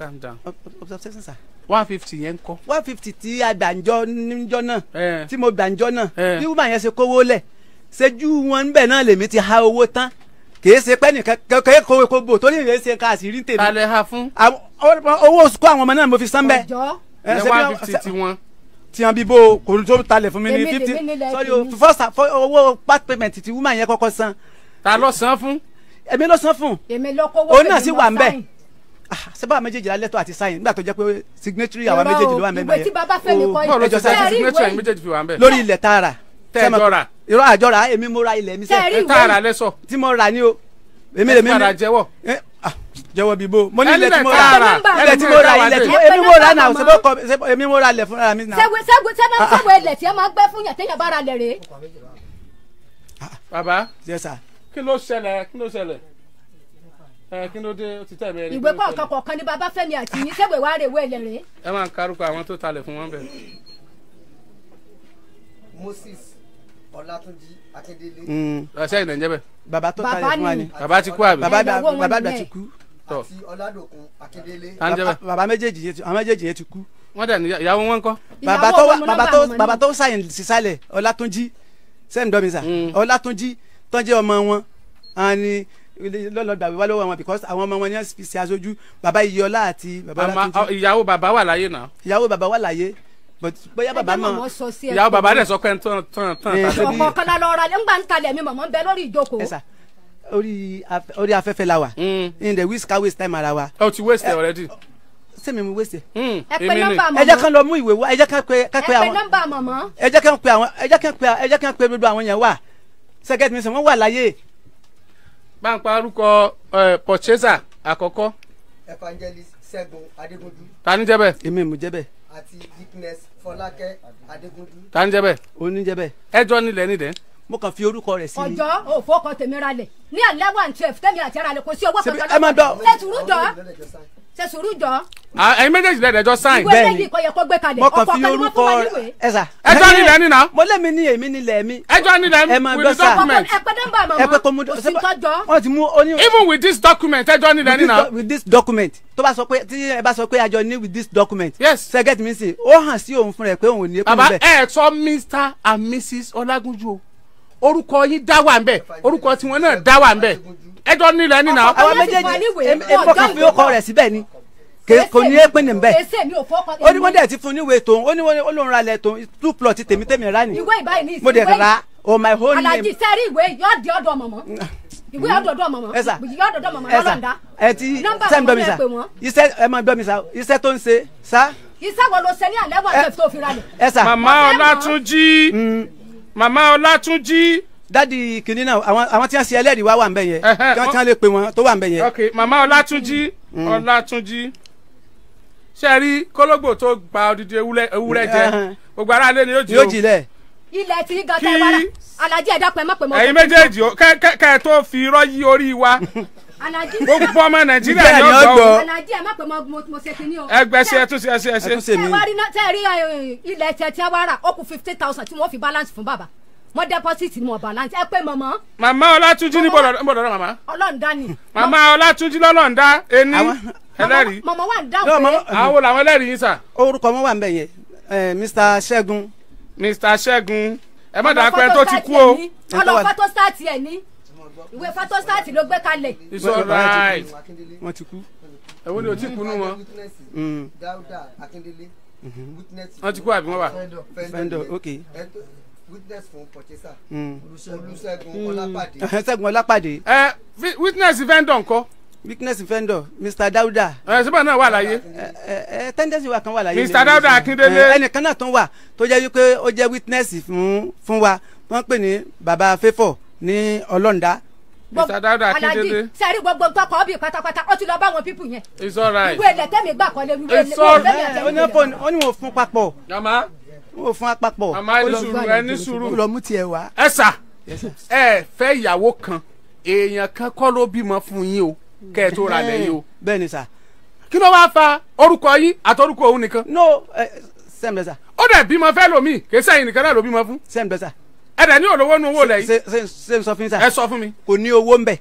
S3: calm down. observation sir. one fifty yẹn kọ́. one fifty tí a gbàǹjọ níjọ náà tí mo gbàǹjọ náà bí wúmọ̀ yẹn ṣe kówó lẹ̀ ṣẹ́jú wọn níbẹ̀ náà lèmi ti ha owó tán kì í ṣe pẹ́ nìkan kẹ́kẹ́ kó epo bò torí ìrẹsì ẹ̀ka àṣírí tèmi. ta ha fún. owó oṣù kó àwọn ọmọ náà mo fi san bẹ́ẹ̀. ọjọ́ ẹ one fifty ti wọn ti hàn bí bo kò tó talẹ̀ fún mi ní fifty sorry first owó part payment ti woman yẹn kọ́kọ́ san. ta ló san fún. èmi ló san fún. èmi ló
S2: kówó èmi ló sáyìn. òun náà sì wà ń bẹ̀
S3: sẹ́bà ah, méjèèjì la lẹ́tọ̀ àti sáyìn nígbà tó jẹ́ pé signatory àwa méjèèjì ló wà mẹ́mẹ́ yẹn. ìgbà tí bàbá Fẹ́mi kọ́ ìgbà tó jẹ́ signatory àyìn méjèèjì lórí ilẹ̀ tààrà. tẹ́ẹ̀jọ́ra. irọ́ àjọra èmi mo ra ilẹ̀ mi sẹ́ẹ̀. tààrà lẹ́sọ̀. tí mo ra ni o. èmi lèmi. tààrà jẹ́wọ́ eh, ah, jẹ́wọ́ bíi bo mo ní ilẹ̀ tí mo ra ilẹ̀ tí mo ra ilẹ̀ tí èmi mo ra náà sebo kọ sebo èmi mo ra ilẹ̀ fúnra mi náà. sẹ́wọ́
S2: sẹ́wọ́ sẹ́wọ́ sẹ́wọ́ ilẹ̀ tí ẹ baba kí ló
S1: ṣẹlẹ̀ kí ló dé ó ti tẹ̀ mẹ́rin. ìwé kọ̀ọ̀kan
S2: kọ̀ọ̀kan ni bàbá fẹ́mi àti yín ṣé wèé wá rè wé lẹ́rìn.
S1: ẹ máa ń karúkọ àwọn tó talẹ̀ fún wọn bẹ̀.
S3: Moses Ọlátúnjí Akíndélé. Mm.
S1: ọ̀sẹ̀ yìí ló ń jẹ́ bẹ̀. bàbá tó talẹ̀ fún wa ni. bàbá ti kú àbí. bàbá àgbà ti kú.
S3: àti Ọládòkun Akíndélé. bàbá méjèèjì yẹn ti àwọn méjèèjì yẹn ti kú. wọ́n dà ìyàwó wọn kọ́. bàbá tó sàyìn sísàlẹ̀ Ọlátúnjí sẹ́ńdọ́mísà mm. Ọlátúnjí tó jẹ́ ọmọ wọn lọ́lọ́gbàwé wá lọ́wọ́ wọn because àwọn ọmọ wọn ni wọ́n fi ṣe aṣojú bàbá iyọlá àti bàbá látúntún.
S1: ìyàwó bàbá wà láyé náà.
S3: ìyàwó bàbá wà láyé but bóyá bàbá mọ
S2: ìyàwó bàbá rẹ̀ sọ
S3: pé tán tán tán. ọkọ
S2: kan lọ ra ńgbà ń talẹ̀ mi mọ̀mọ́ ń bẹ lórí ìjókòó. orí afẹ́fẹ́ la wà. Mm.
S3: in the whisk waste time ara wa. o oh, ti waste eh, already sẹ́mi mi wéṣẹ̀. Mm, ẹ pe nọ́mbà mọ̀mọ́ ẹ jẹ́ kán lọ mú ìwé wá ẹ jẹ́ kán pe kán pe àwọn ẹ pe
S2: nọ́mbà mọ̀mọ́
S3: ẹ jẹ́ kán pe àwọn ẹ jẹ́ kán pe ẹ jẹ́ kán pe gbogbo àwọn yẹn wà sẹ́gẹ́tì mi sọ wọ́n wà láyé
S1: gbàǹpa orúkọ purchaser àkọ́kọ́.
S3: evangelist ṣẹ́gun adégúndú.
S1: ta ni jẹ́bẹ̀. èmi mú jẹ́bẹ̀.
S2: àti witness fọlákẹ́ adégúndú.
S3: ta ni
S1: jẹ́bẹ̀. oníjẹ́bẹ̀. ẹjọ́ nílẹ̀ nílẹ̀
S3: mo kàn fi orúkọ rẹ sí i. ọjọ́
S2: òfò kan tèmi ra lẹ̀ ní àlẹ́ one twelve tẹ́mi àti ara rẹ̀ kò sí owó kan tó ẹ má dọ̀. ṣètùrú dọ̀ ṣe sùúrù jọ.
S3: ẹyin méjèèjì lẹ́dẹ̀ jọ sáìn. ìwé lẹ́yìn
S2: ìkọ̀ yẹ kó gbé kalẹ̀ ọkọ̀ kan ni wọ́n fún wa níwèé.
S3: ẹ̀sà ẹjọ́ nílẹ̀ nínà. mo lé mi ní èmi nílẹ̀ mi. ẹjọ́ nílẹ̀ mi with this document. ẹpẹ
S2: nọmba mọ mọ
S3: òsìntọ́jọ́. even with this document ẹjọ́ nílẹ̀ nínà. with this document tó bá sọ pé tí ẹ bá sọ pé àjọ ní with this document. yes sẹ́gẹ̀tì mi sìn ó hàn sí òun fún rẹ̀ pé òun ò ní. bàbá
S1: Mr and Mrs Ọlágúnjú orúkọ yín dá wà ń bẹ orúkọ tiwọn náà dá wà ń bẹ ẹjọ́ nílẹ̀ nínà. àwọn méjèèjì
S2: èmọkàn fi ó kọ rẹ̀
S3: síbẹ̀ ni kò ní épin ní bẹ́ẹ̀ ó ní wọ́n dẹ̀ ti fún níwèé tòun ó ní wọ́n lòun ra lẹ̀ tòun two plot tèmi tèmi rà ní mo dẹ̀ ra o oh, my whole name. alaji
S2: sẹ́rí ìwé yóò di ọ̀dọ̀ mọ̀mọ́
S3: <laughs> ìwé ọ̀dọ̀ ọ̀dọ̀ mọ̀mọ́ yóò
S2: dọ̀dọ̀ mọ̀mọ́ lọ́lọ́dà
S3: nọ́mbà mọ̀mọ́ ẹ pè wọ́n. iṣẹ́ ẹ máa gbọ́ mi sa iṣẹ́ tó ń ṣe sa.
S2: iṣẹ́ wo ló ṣe ní alẹ́ wà tó fi ra lẹ̀.
S3: màmá Ọlátúnjí. Mm màmá ọlátúnjí. dádì kìnìún náà àwọn àwọn tí wọn ṣe ẹlẹ́rìí wá wà ń bẹ̀ yẹn tí wọn tí wọn lè pè wọn tó wà ń bẹ̀ yẹn. ok màmá ọlátúnjí mm. ọlátúnjí ṣe rí kólógbò tó gba
S1: odidi ewúrẹ́ jẹ gbogbo ara lé ni yóò jí o ilẹ̀
S2: tí gàtà ìbára alájí ẹ̀dá pẹ̀mọ́pẹ̀mọ́. ẹ̀yin méjèèjì
S1: kẹ́ kẹ́ tó fi irọ́ yí orí wa <laughs>
S2: gbogbo ọmọ nàìjíríà ni ó gbọ́
S1: ẹgbẹ́sẹ̀ ẹtúnṣe ẹsẹ̀ ẹsẹ̀. ẹtúnṣe mi
S2: tẹ rí ilẹ̀ tẹ tí wọ́n rà ó kù fifty thousand tí wọ́n fi balance fún bàbá mo deposit mo balance ẹ pé mọ̀mọ́.
S1: màmá ọlátúnjí ní bọ̀dọ̀ bọ̀dọ̀ màmá.
S2: ọlọ́ọ̀dá ni. màmá
S1: ọlátúnjí lọ́lọ́ọ̀dá ení ẹlẹ́rìí.
S2: mọ̀mọ́ wà ń dáhùn pé. àwọn
S1: làwọn ẹlẹ́rìí yín sà. orúkọ mo
S3: wà ń bẹ yẹn Mr. Ṣẹ́gun. Mr. Ṣẹ́gun ẹ má dàá pẹ́ tó ti kú o. ọlọ́fọ́
S2: tó sáàtì ẹ̀ ní ìwé photostat ló gbé kalẹ̀. it's
S3: alright wọ́n ti kú ẹ̀wọ́n ni o ti kú wọn. Mm.
S2: Dáúdà Akíndélé
S3: mm-hmm. wọ́n ti kú àbí wọ́n wà. fẹ́ndọ̀ ok witness fún purchaser. Mm. olùṣègùn mm. ọlápàdé. <laughs> ṣẹ́gun ọlápàdé. ẹ witness vendor ńkọ́. witness vendor mr dauda. ẹ síbẹ̀ náà wà láyé. ẹ ẹ tẹ́ndẹ́sì wa kan wà láyé. mr dauda akíndélé. ẹnìkan náà tún wà tó jẹ́ wípé ó jẹ́ witness fún fún wa wọ́n pè ní baba fẹ́fọ̀ ní ọlọ́ndà
S2: Mr. Dada Akindele. sẹ́rí gbogbo nǹkan kan bí pátápátá ó ti lọ bá àwọn pípù yẹn.
S3: it's alright. ìwé
S2: ilẹ̀ tẹ́mi gbà kọ́lé ìwé ilẹ̀ tẹ́mi ó ní fún
S3: ó ní wọ́n papọ̀. yàmá. wọ́n fún apapọ̀. ẹni sùúrù ẹni sùúrù. ó lọ mú tiẹ̀ wá.
S2: ẹ
S1: sà ẹ fẹ́ ìyàwó kan èèyàn kan kọ́ ló bímọ fún yín o kẹ́ ẹ tó ra lẹ̀ o. <laughs> bẹ́ẹ̀ ni sà. kí ló wáá fa orúkọ yín àtọrúkọ òun nìkan. no
S3: sẹ́mi ó dẹ̀ bímọ fẹ́ lómi kì í sẹ́yìn nìkan náà ló bímọ fún. sẹ́mi ẹ dẹ̀ ní olówó nu owó lẹ̀ yìí. ṣe ń sọ fún mi sà. ẹ sọ fún mi. kò ní owó ń bẹ̀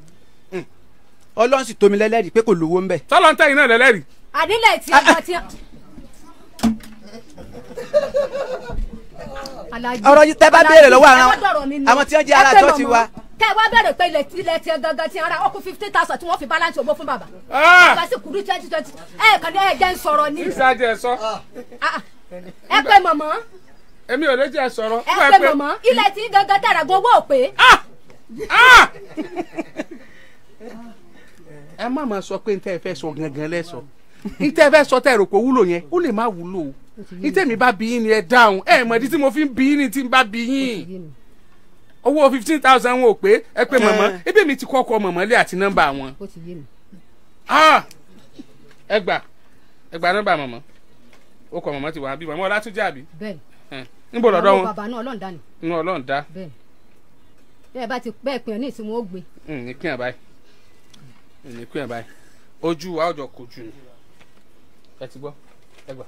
S3: hmm. ọlọ́run sì tómi lẹ́lẹ́rìí pé kò lówó ń bẹ̀. sọlọ ń tẹ̀yìn náà lẹ́lẹ́rìí.
S2: àdílẹ̀ tí ọba tí. ọ̀rọ̀ yìí tẹ́ bá béèrè lọ́wọ́ àwọn àwọn tí wọ́n jẹ́ ara tó ti wá kẹ wá bẹ̀rẹ̀ pé ilẹ̀ tilẹ̀ tiẹ̀ gangan ti ara ọkùn fifteen thousand tí wọ́n fi balance owó fún bàbá. Ah! bàbá sì kúrú twenty twenty ẹ kàn ní ẹ jẹ́ ń sọ̀rọ̀ ni. sísá
S1: jẹ sọ. Ah,
S2: ah. ẹ pé mọ̀mọ́
S1: èmi ò lè jẹ́ sọ̀rọ̀. ẹ pé mọ̀mọ́
S2: ilẹ̀ tí gangan tààrà gan owó òpè.
S1: ẹ má máa sọ pé ntẹ́ fẹ́ sọ gangan lẹ́sọ̀ ntẹ́ fẹ́ sọ tẹ́ rò pé wúlò yẹn ó lè má wúlò o ntẹ́ mi bá bí yín ni ẹ dáhùn ẹ mọ̀ ìdí tí mo fi ń bí yín ni tí n bá bí yín owó fifteen thousand wọn ò pé ẹ pé mọ̀mọ́ eh. ebi mi ti kọ́kọ́ mọ̀mọ́ lé àti nọ́mbà wọn. Ah! ẹ gbà ẹ gbà nọ́mbà mọ̀mọ́ ó kọ mọ̀mọ́ ti wà á bí mọ̀mọ́ ọlá tún jẹ́ àbí. bẹ́ẹ̀ eh níbo lọ́dọ̀ wọn. bàbá náà ọlọ́run dá ni. ń ọlọ́run dá. bẹ́ẹ̀
S2: bẹ́ẹ̀ bá ti bẹ́ẹ̀ pin ọ ní ìsinmi ó gbé.
S1: ní pin àbáyé ní pin àbáyé ojú wa ọjọ́ kò jù ní. ẹ ti gbọ́ ẹ gbà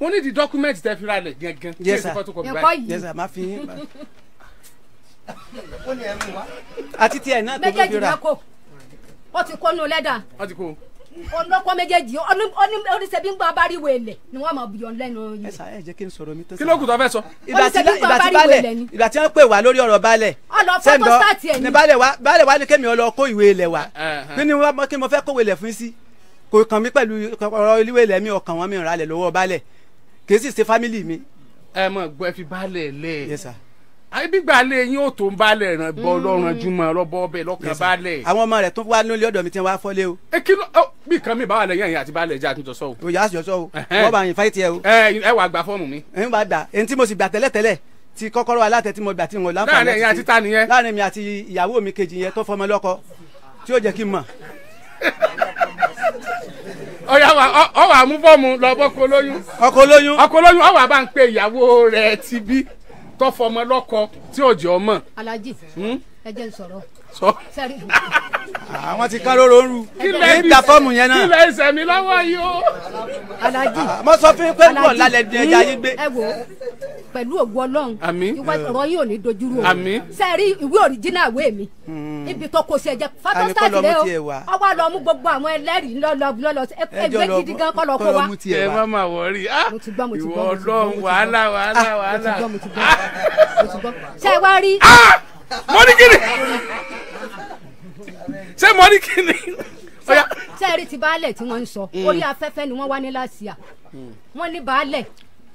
S1: wọ́n ní di dọ́kúmẹ́ntì tẹ́ fi ra lẹ̀ gangan. yes sir yes sir máa fi yín.
S2: ó ní ẹ̀mú wa. àti tí ẹ̀ náà tó ló fi ra. méjèèjì náà kò ó ti kó nù lẹ́dà. ó ti kó ọlọ́kọ́ méjèèjì oníṣẹ́bí ń gba abáríwò ẹ̀lẹ̀ ni wọ́n máa bù yọ lẹ́nu yìí. ẹ sàá ẹ jẹ́ kí n
S3: sọ̀rọ̀ mi tó sọ. kí ló kù tó fẹ́ sọ. ìgbà tí balẹ̀ ìgbà tí wọ́n pè wá lórí ọ̀rọ̀ balẹ̀. ọ̀nà fọ́tò sáàtì ẹ̀ ni. balẹ̀ wa ni kémi ọlọ kó ìwé ilẹ̀ wa kí ni mo fẹ́ kówé ilẹ̀ fún sí kò kàn mí pẹ̀lú ọ̀rọ̀ ilé ilẹ̀ mi ọ̀kàn wọn mi rà lẹ̀ lọ́wọ́ balẹ̀ kì í sì ṣe fámìlì mi. ẹ mọ̀ gbọ́ ẹ fi gbígbà lé yín ò tó ń balẹ̀ ràn bọ́ mm. lọ́rùn jùmọ̀ lọ́bọ̀ ọbẹ̀ lọ́kàn balẹ̀. àwọn ọmọ rẹ tó wá nílé ọ̀dọ̀ mi ti wá fọ́lé o. ẹ kí ló bí nǹkan mi bá wà lẹ́yìn ẹ̀yìn àti balẹ̀ jẹ́ àtúntò sọ o. o yà á sọ sọ o wọ́n bá yín fáyé tiẹ̀ o. ẹ wàá gba fọ́ọ̀mù mi. ẹ ń bá gbà èyí tí mo sì gbà tẹ́lẹ̀tẹ́lẹ̀ ti kọ́kọ́rọ́ alátẹ tí mo gbà tí mo <laughs> wa ọ wà mú bọ́ọ̀mù lọ bọ́kọ olóyún.
S1: ọkọ olóyún. ọkọ olóyún ọ wà bá ń pe ìyàwó rẹ ti bí tọfọmọ lọkọ tí ò jẹ ọmọ.
S2: alaji hmm? ẹ jẹ́ n sọ̀rọ̀ sọ. àwọn ah, ti ká lóró
S1: ń ru ní ta fọ́ọ̀mù yẹn náà. kílẹ̀ ẹsẹ̀ mi lọ́wọ́ yìí o.
S2: alaji ah, mo sọ fún yín pé pọ̀ lálẹ́ bí ẹja yín gbé. ẹ wo pẹ̀lú ògùn ọlọ́run ìwà ọ̀rọ̀ yìí ò ní dojúrú o. sẹ́ẹ̀rí ìwé òrìjínà àwé mi hmm. ibi tó kò sí ẹ̀jẹ̀ photostat rẹ o ọwọ́ lọ mú gbogbo àwọn ẹlẹ́rìí lọ́lọ́ ẹgbẹ́ gidi gan kọ́ lọ kó wa. ẹ má
S1: má wọrí ah, ìwọ ọlọ́run wàhálà wàhálà wàhálà. ṣé ẹ wá
S2: rí mọ́ni kí ni ṣé mọ́ni kí ni. sẹ́ẹ̀rì ti baálẹ̀ tí wọ́n ń sọ hmm. orí afẹ́fẹ́ ni wọ́n wá ní láṣìá hmm. wọ́n ní baálẹ̀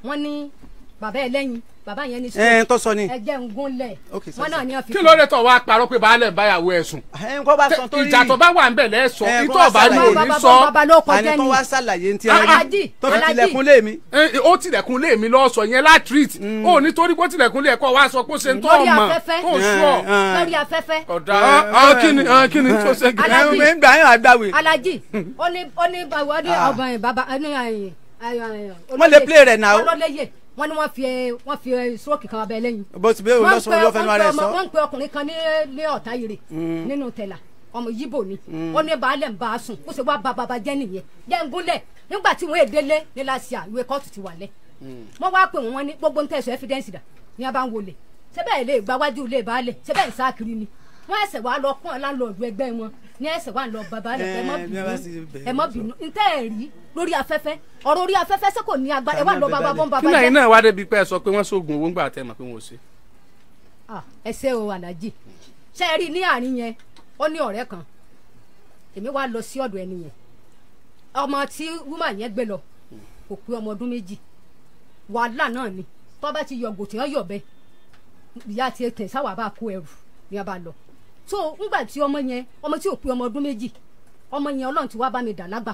S2: wọ́n ní bàbá ẹ lẹ́yìn bàbá yẹn ní sùn. ẹ tó sọ ni. ẹgbẹ́ ngún lẹ̀. wọn náà ní ọ̀fìn. kí ló dé
S1: tọ̀ wá parọ́ pé baálẹ̀ báyàwó ẹ̀ sùn. kó bá sọ torí ìjà bá wà ń bẹ̀ lẹ́ sọ ìtọ́ ọ̀bá sọ. àní
S3: kó wá ṣàlàyé ti ẹ tó fi tilẹ̀kùn
S1: lé mi. ó tilẹ̀kùn lé mi lọ́ọ́ yẹn látírìt mm. ó ní torí kó tilẹ̀kùn lé ẹ̀kọ́ wá sọ pé ó ṣe ń tọ́
S2: ọmọ wọ́n ní wọ́n fi wọ́n fi stroke kan abẹ lẹ́yìn. bó ti bẹ́ẹ̀ wọ́n sọ wọ́n fẹ́ẹ́ rẹ̀ sọ. wọ́n ń pe ọkùnrin kan ní ní ọ̀tá yìrì mm. nínú tẹ̀là ọmọ yíbò ni mm. ó ní baálẹ̀ ń bá a sùn kó ṣe wá ba baba jẹ́ nìyẹn jẹ́ ń gúnlẹ̀ nígbà tí wọ́n èdè lé ní lásìá ìwé kóòtù ti wà lẹ̀. Mm. wọ́n wá pè wọ́n ní gbogbo ntẹ̀sọ̀ evidence dà ní abá ń wọlé ṣé bẹ́ẹ̀ lè gbáwájú lè baálẹ̀ ṣé bẹ́ẹ̀ ń sá kiri ni wọ́n ẹ̀sẹ̀ wá lọ kún ọ̀ láńlọ́ọ̀dù ẹgbẹ́ wọn ní ẹsẹ̀ wà lọ bàbá rẹ̀ ẹ mọ́ eh, bínú ntẹ́ ẹ̀ rí lórí afẹ́fẹ́ ọ̀rọ̀ orí afẹ́fẹ́ sẹ́ kò ní agbára ẹ wà lọ bàbá bọ́n bàbá jẹ́. kí náà iná
S1: wa débi pé ẹ sọ pé wọ́n sóògùn owó ń gbà tẹ́ mọ̀ pé wọ́n ò ṣe.
S2: Ah, ẹ ṣe o aláàjì ṣe é rí ní àárín yẹn ó ní ọ̀rẹ́ kan èmi wá lọ sí ọ̀dọ̀ ẹni yẹn ọmọ tí wúmà yẹn gbé lọ kò pé ọmọ ọdún méjì wàhálà náà ni tọ́ bá ti yọ gòtì ọ yọ bẹ́ẹ̀ ìyá ti tẹ̀ sáwà bá kó ẹrù ni a bá lọ so nígbà tí ọmọ yẹn ọmọ tí ò pé ọmọ ọdún méjì ọmọ yẹn ọlọ́run ti wá bá mi dà lágbà